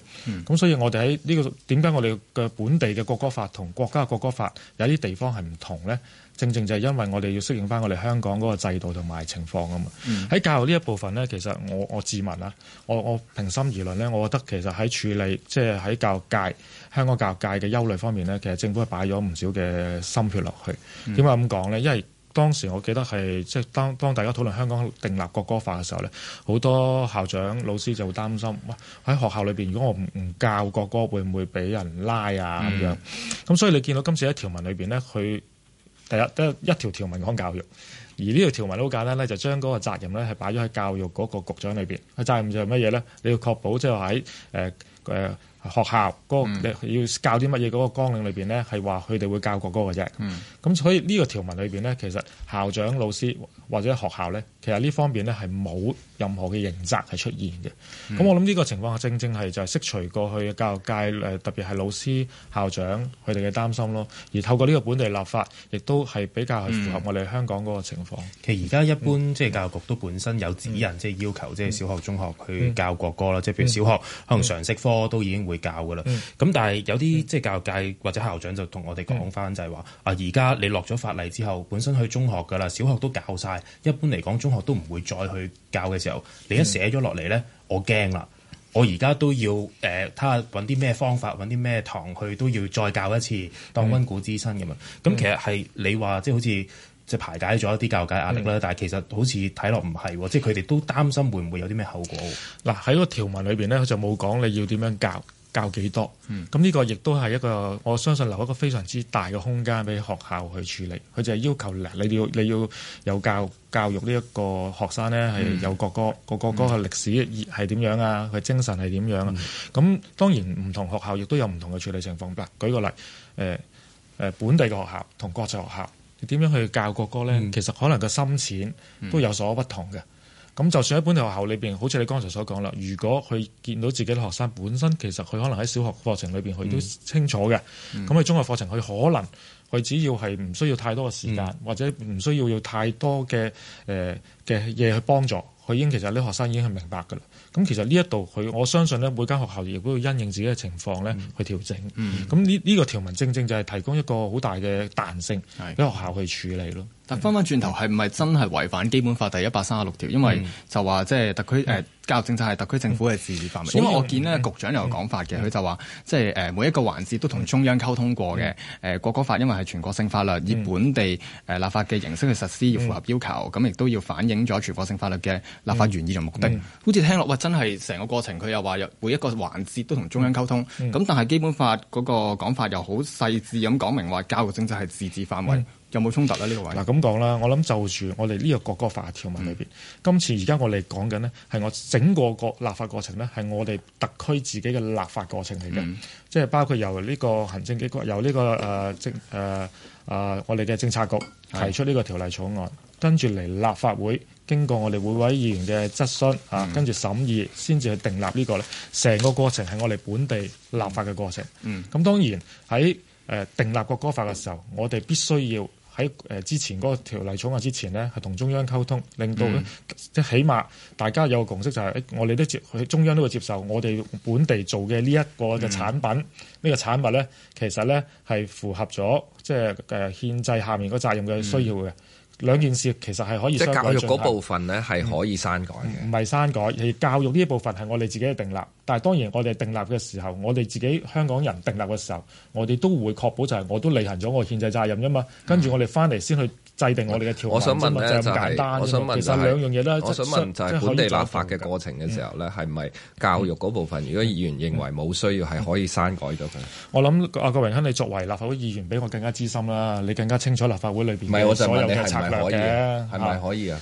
嗯、所以我哋喺呢個點解我哋嘅本地嘅國歌法同國家嘅國歌法有啲地方係唔同咧？正正就係因為我哋要適應翻我哋香港嗰個制度同埋情況啊嘛。喺、嗯、教育呢一部分呢，其實我我自問啊，我我平心而論咧，我覺得其實喺處理即係喺教育界、香港教育界嘅憂慮方面呢，其實政府係擺咗唔少嘅心血落去。點解咁講呢？因為當時我記得係即係當當大家討論香港定立國歌法嘅時候呢，好多校長老師就會擔心，哇！喺學校裏邊，如果我唔唔教國歌，會唔會俾人拉啊咁、嗯、樣？咁所以你見到今次喺條文裏邊呢，佢第一，得一條條文講教育，而呢條條文好簡單咧，就將嗰個責任咧係擺咗喺教育嗰個局長裏邊。個責任就係乜嘢咧？你要確保即係喺誒誒學校嗰個、你、嗯、要教啲乜嘢嗰個綱領裏邊咧，係話佢哋會教國歌嘅啫。嗯咁所以呢個條文裏邊咧，其實校長老師或者學校咧，其實呢方面咧係冇任何嘅刑責係出現嘅。咁、嗯、我諗呢個情況正正係就係釋除過去嘅教育界誒、呃、特別係老師校長佢哋嘅擔心咯。而透過呢個本地立法，亦都係比較符合我哋香港嗰個情況、嗯。其實而家一般、嗯、即係教育局都本身有指引，即係要求即係、嗯、小學中學去教國歌啦。嗯、即係譬如小學、嗯、可能常識科都已經會教噶啦。咁、嗯、但係有啲即係教育界或者校長就同我哋講翻就係話啊，而家你落咗法例之後，本身去中學噶啦，小學都教晒。一般嚟講，中學都唔會再去教嘅時候，你一寫咗落嚟咧，我驚啦！我而家都要誒睇下揾啲咩方法，揾啲咩堂去都要再教一次，當溫故知新咁樣！咁、嗯、其實係你話即係好似即係排解咗一啲教育界壓力啦，嗯、但係其實好似睇落唔係喎，即係佢哋都擔心會唔會有啲咩後果。嗱喺、啊、個條文裏邊咧，佢就冇講你要點樣教。教幾多？咁呢個亦都係一個，我相信留一個非常之大嘅空間俾學校去處理。佢就係要求你，你要你要有教教育呢一個學生呢，係、嗯、有國歌，國歌歌嘅歷史係點樣啊？佢精神係點樣啊？咁、嗯、當然唔同學校亦都有唔同嘅處理情況。嗱，舉個例，誒、呃、誒、呃、本地嘅學校同國際學校，你點樣去教國歌呢？嗯、其實可能個深淺都有所不同嘅。嗯嗯咁就算喺本地學校裏邊，好似你剛才所講啦，如果佢見到自己嘅學生本身，其實佢可能喺小學課程裏邊佢都清楚嘅。咁喺、嗯、中學課程，佢可能佢只要係唔需要太多嘅時間，嗯、或者唔需要要太多嘅誒嘅嘢去幫助，佢已經其實啲學生已經係明白㗎啦。咁其實呢一度佢我相信咧，每間學校亦都會因應自己嘅情況咧去調整。咁呢呢個條文正正就係提供一個好大嘅彈性俾學校去處理咯。但翻翻轉頭係唔係真係違反基本法第一百三十六條？因為就話即係特區誒教育政策係特區政府嘅自治範圍。因為我見呢局長有講法嘅，佢就話即係誒每一個環節都同中央溝通過嘅。誒國歌法因為係全國性法律，以本地誒立法嘅形式去實施，要符合要求，咁亦都要反映咗全國性法律嘅立法原意同目的。好似聽落，喂，真係成個過程佢又話，每一個環節都同中央溝通。咁但係基本法嗰個講法又好細緻咁講明話，教育政策係自治範圍。有冇衝突啊？呢個位嗱咁講啦，我諗就住我哋呢個國歌法條文裏邊，嗯、今次而家我哋講緊呢，係我整個個立法過程呢，係我哋特區自己嘅立法過程嚟嘅，嗯、即係包括由呢個行政機構，由呢、呢個誒政誒啊我哋嘅政策局提出呢個條例草案，跟住嚟立法會經過我哋會委議員嘅質詢、嗯、啊，跟住審議先至去訂立呢、呢個呢成個過程係我哋本地立法嘅過程。咁、嗯、當然喺誒、呃、訂立國歌法嘅時候，我哋必須要喺誒之前嗰個條例草案之前呢，係同中央溝通，令到咧即係起碼大家有個共識就係、誒，我哋都接，中央都會接受我哋本地做嘅呢一個嘅產品，呢、嗯、個產物咧，其實咧係符合咗即係誒憲制下面個責任嘅需要嘅。嗯兩件事其實係可以修改，教育嗰部分咧，係可以刪改嘅。唔係刪改，教育呢一部分係我哋自己嘅定立。但係當然我哋定立嘅時候，我哋自己香港人定立嘅時候，我哋都會確保就係我都履行咗我嘅憲制責任啫嘛。跟住我哋翻嚟先去，制定我哋嘅條文，唔係咁簡單。其實兩樣嘢咧，就係本地立法嘅過程嘅時候咧，係咪教育嗰部分？如果議員認為冇需要，係可以刪改咗佢。我諗阿郭榮鏗，你作為立法會議員，比我更加資深啦，你更加清楚立法會裏邊嘅所有嘅策略嘅，係咪可以啊？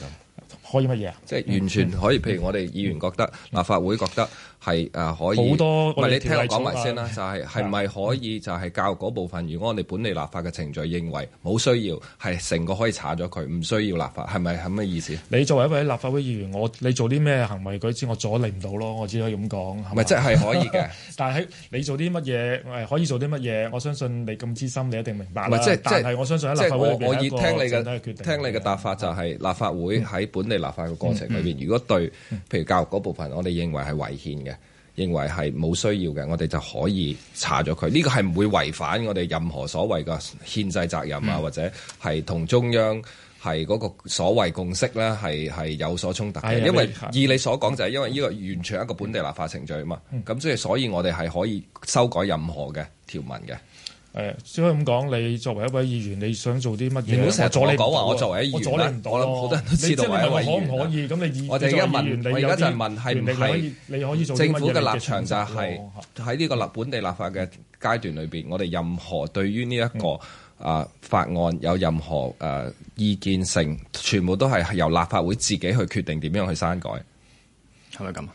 咁可以乜嘢？即係完全可以。譬如我哋議員覺得，立法會覺得。係啊，可以，唔係你聽我講埋文先啦。就係係咪可以就係教育嗰部分？如果我哋本地立法嘅程序認為冇需要，係成個可以查咗佢，唔需要立法，係咪係咩意思？你作為一位立法會議員，我你做啲咩行為舉止，我阻你唔到咯。我只可以咁講。唔係即係可以嘅， 但係喺你做啲乜嘢可以做啲乜嘢？我相信你咁資深，你一定明白即係即我相信喺立法會，我以聽你嘅聽你嘅答法，就係立法會喺本地立法嘅過程裏邊，嗯嗯嗯、如果對譬如教育嗰部分，我哋認為係違憲嘅。認為係冇需要嘅，我哋就可以查咗佢。呢個係唔會違反我哋任何所謂嘅憲制責任啊，嗯、或者係同中央係嗰個所謂共識咧，係係有所衝突嘅。哎、呀因為你看以你所講就係因為呢個完全係一個本地立法程序啊嘛。咁所以所以我哋係可以修改任何嘅條文嘅。只可以咁講，你作為一位議員，你想做啲乜嘢？唔好成日阻你講話、啊，我作為一議員，我諗好、啊、多人都知道係一位議員可唔可以？咁你意我哋而家問，我而家就係問，係唔係？你可以做政府嘅立場就係喺呢個立本地立法嘅階段裏邊，嗯、我哋任何對於呢、這、一個、嗯、啊法案有任何誒、啊、意見性，全部都係由立法會自己去決定點樣去刪改。係咪咁啊？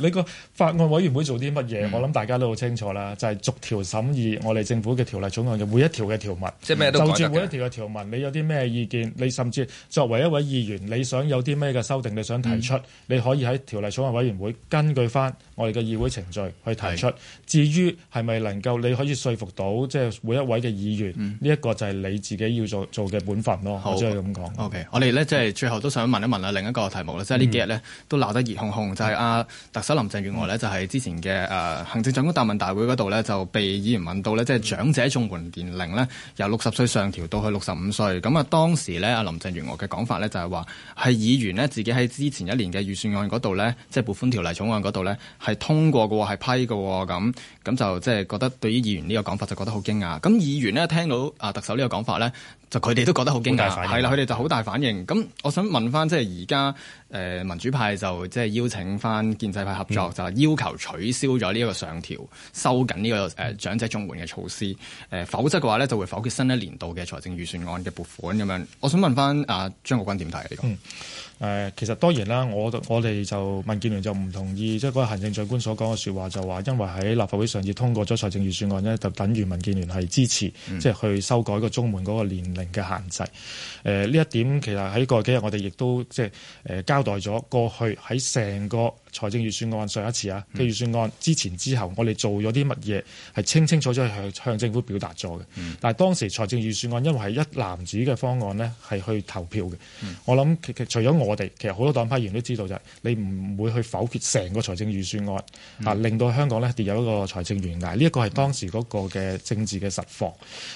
你個法案委員會做啲乜嘢？我諗大家都好清楚啦，就係逐條審議我哋政府嘅條例草案嘅每一條嘅條文，就住每一條嘅條文，你有啲咩意見？你甚至作為一位議員，你想有啲咩嘅修訂，你想提出，你可以喺條例草案委員會根據翻我哋嘅議會程序去提出。至於係咪能夠你可以說服到即係每一位嘅議員，呢一個就係你自己要做做嘅本分咯。我好中意咁講。O K，我哋咧即係最後都想問一問啦，另一個題目啦，即係呢幾日咧都鬧得熱烘烘，就係啊。特首林鄭月娥咧、嗯、就係之前嘅誒、呃、行政長官答問大會嗰度咧就被議員問到咧，嗯、即係長者綜援年齡咧由六十歲上調到去六十五歲。咁啊當時咧阿林鄭月娥嘅講法咧就係話係議員咧自己喺之前一年嘅預算案嗰度咧，即係撥款條例草案嗰度咧係通過嘅喎，係批嘅，咁咁就即係覺得對於議員呢個講法就覺得好驚訝。咁議員咧聽到啊特首個呢個講法咧，就佢哋都覺得好驚訝，係啦，佢哋就好大反應。咁我想問翻即係而家誒民主派就即係邀請翻。建制派合作就係、是、要求取消咗呢一個上調，收緊呢、這個誒、呃、長者綜援嘅措施，誒、呃、否則嘅話咧就會否決新一年度嘅財政預算案嘅撥款咁樣、嗯、我想問翻阿張國鈞點睇呢個？嗯誒、呃，其實當然啦，我我哋就民建聯就唔同意，即係嗰個行政長官所講嘅説話就說，就話因為喺立法會上次通過咗財政預算案呢就等於民建聯係支持，嗯、即係去修改個中門嗰個年齡嘅限制。誒、呃，呢一點其實喺過幾日我哋亦都即係誒、呃、交代咗過去喺成個財政預算案上一次啊嘅預算案、嗯、之前之後我，我哋做咗啲乜嘢係清清楚楚向，向政府表達咗嘅。嗯、但係當時財政預算案因為係一男子嘅方案呢，係去投票嘅。我諗其其除咗我。我哋其實好多黨派員都知道，就係你唔會去否決成個財政預算案，嗯、啊，令到香港咧跌有一個財政懸崖。呢一個係當時嗰個嘅政治嘅實況。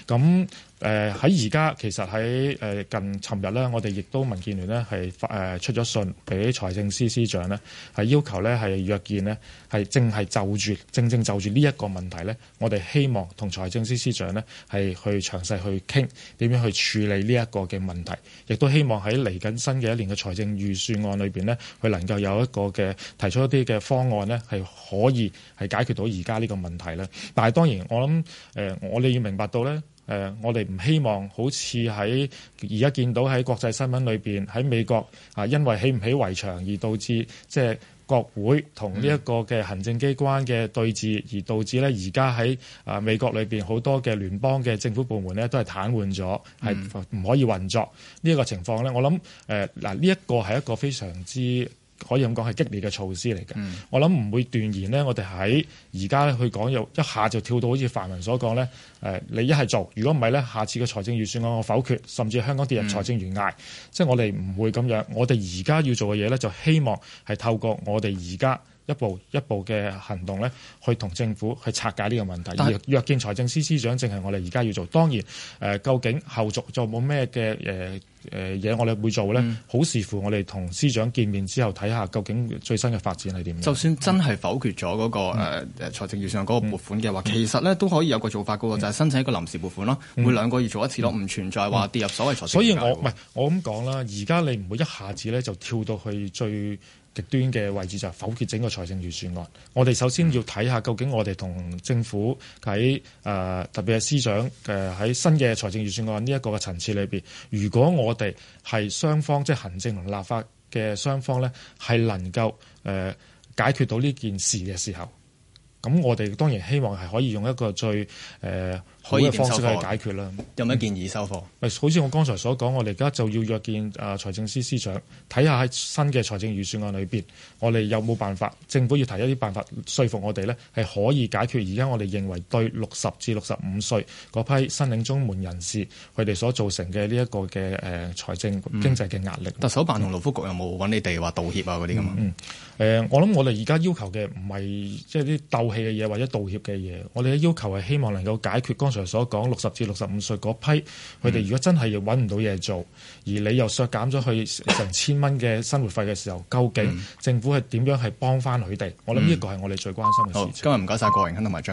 咁、嗯。誒，喺而家其實喺誒近尋日呢，我哋亦都民建聯呢係發誒、呃、出咗信俾財政司司長呢，係要求呢係約見呢係正係就住正正，就住呢一個問題呢，我哋希望同財政司司長呢係去詳細去傾點樣去處理呢一個嘅問題，亦都希望喺嚟緊新嘅一年嘅財政預算案裏邊呢，佢能夠有一個嘅提出一啲嘅方案呢係可以係解決到而家呢個問題呢，但係當然我諗誒，我哋、呃、要明白到呢。誒、呃，我哋唔希望好似喺而家見到喺國際新聞裏邊喺美國啊，因為起唔起圍牆而導致即係、就是、國會同呢一個嘅行政機關嘅對峙，而導致咧而家喺啊美國裏邊好多嘅聯邦嘅政府部門咧都係癱瘓咗，係唔、嗯、可以運作呢一、這個情況咧。我諗誒嗱，呢一個係一個非常之。可以咁講係激烈嘅措施嚟嘅，嗯、我諗唔會斷言呢，我哋喺而家咧去講又一下就跳到好似泛民所講咧，誒、呃、你一係做，如果唔係咧，下次嘅財政預算案我否決，甚至香港跌入財政懸崖，嗯、即係我哋唔會咁樣。我哋而家要做嘅嘢咧，就希望係透過我哋而家。一步一步嘅行動咧，去同政府去拆解呢個問題。而約但見財政司司長，正係我哋而家要做。當然，誒、呃、究竟後續就冇咩嘅誒誒嘢，呃呃、我哋會做咧，好視乎我哋同司長見面之後睇下，看看究竟最新嘅發展係點樣。就算真係否決咗嗰、那個誒、嗯 uh, 財政預算嗰個撥款嘅話，其實咧都可以有個做法嘅喎，就係、是、申請一個臨時撥款咯，每兩個月做一次咯，唔、嗯、存在話跌入所謂財政預算。所以我唔係我咁講啦，而家你唔會一下子咧就跳到去最極端嘅位置就否決整個財政預算案。我哋首先要睇下，究竟我哋同政府喺誒、呃、特別係司長誒喺新嘅財政預算案呢一個嘅層次裏邊，如果我哋係雙方即係、就是、行政同立法嘅雙方呢，係能夠誒、呃、解決到呢件事嘅時候，咁我哋當然希望係可以用一個最誒。呃嘅方式去解決啦。有咩建議收貨？嗯、好似我剛才所講，我哋而家就要約見啊財政司司長，睇下喺新嘅財政預算案裏邊，我哋有冇辦法？政府要提一啲辦法，説服我哋呢係可以解決而家我哋認為對六十至六十五歲嗰批申領中門人士，佢哋所造成嘅呢一個嘅誒財政經濟嘅壓力。特首辦同勞福局有冇揾你哋話道歉啊嗰啲咁啊？嗯，誒、嗯呃，我諗我哋而家要求嘅唔係即係啲鬥氣嘅嘢或者道歉嘅嘢，我哋嘅要求係希望能夠解決上所講六十至六十五歲嗰批，佢哋如果真係要揾唔到嘢做，嗯、而你又削減咗去成千蚊嘅生活費嘅時候，究竟政府係點樣係幫翻佢哋？嗯、我諗呢個係我哋最關心嘅事情。好，今日唔該晒郭榮鏗同埋張國。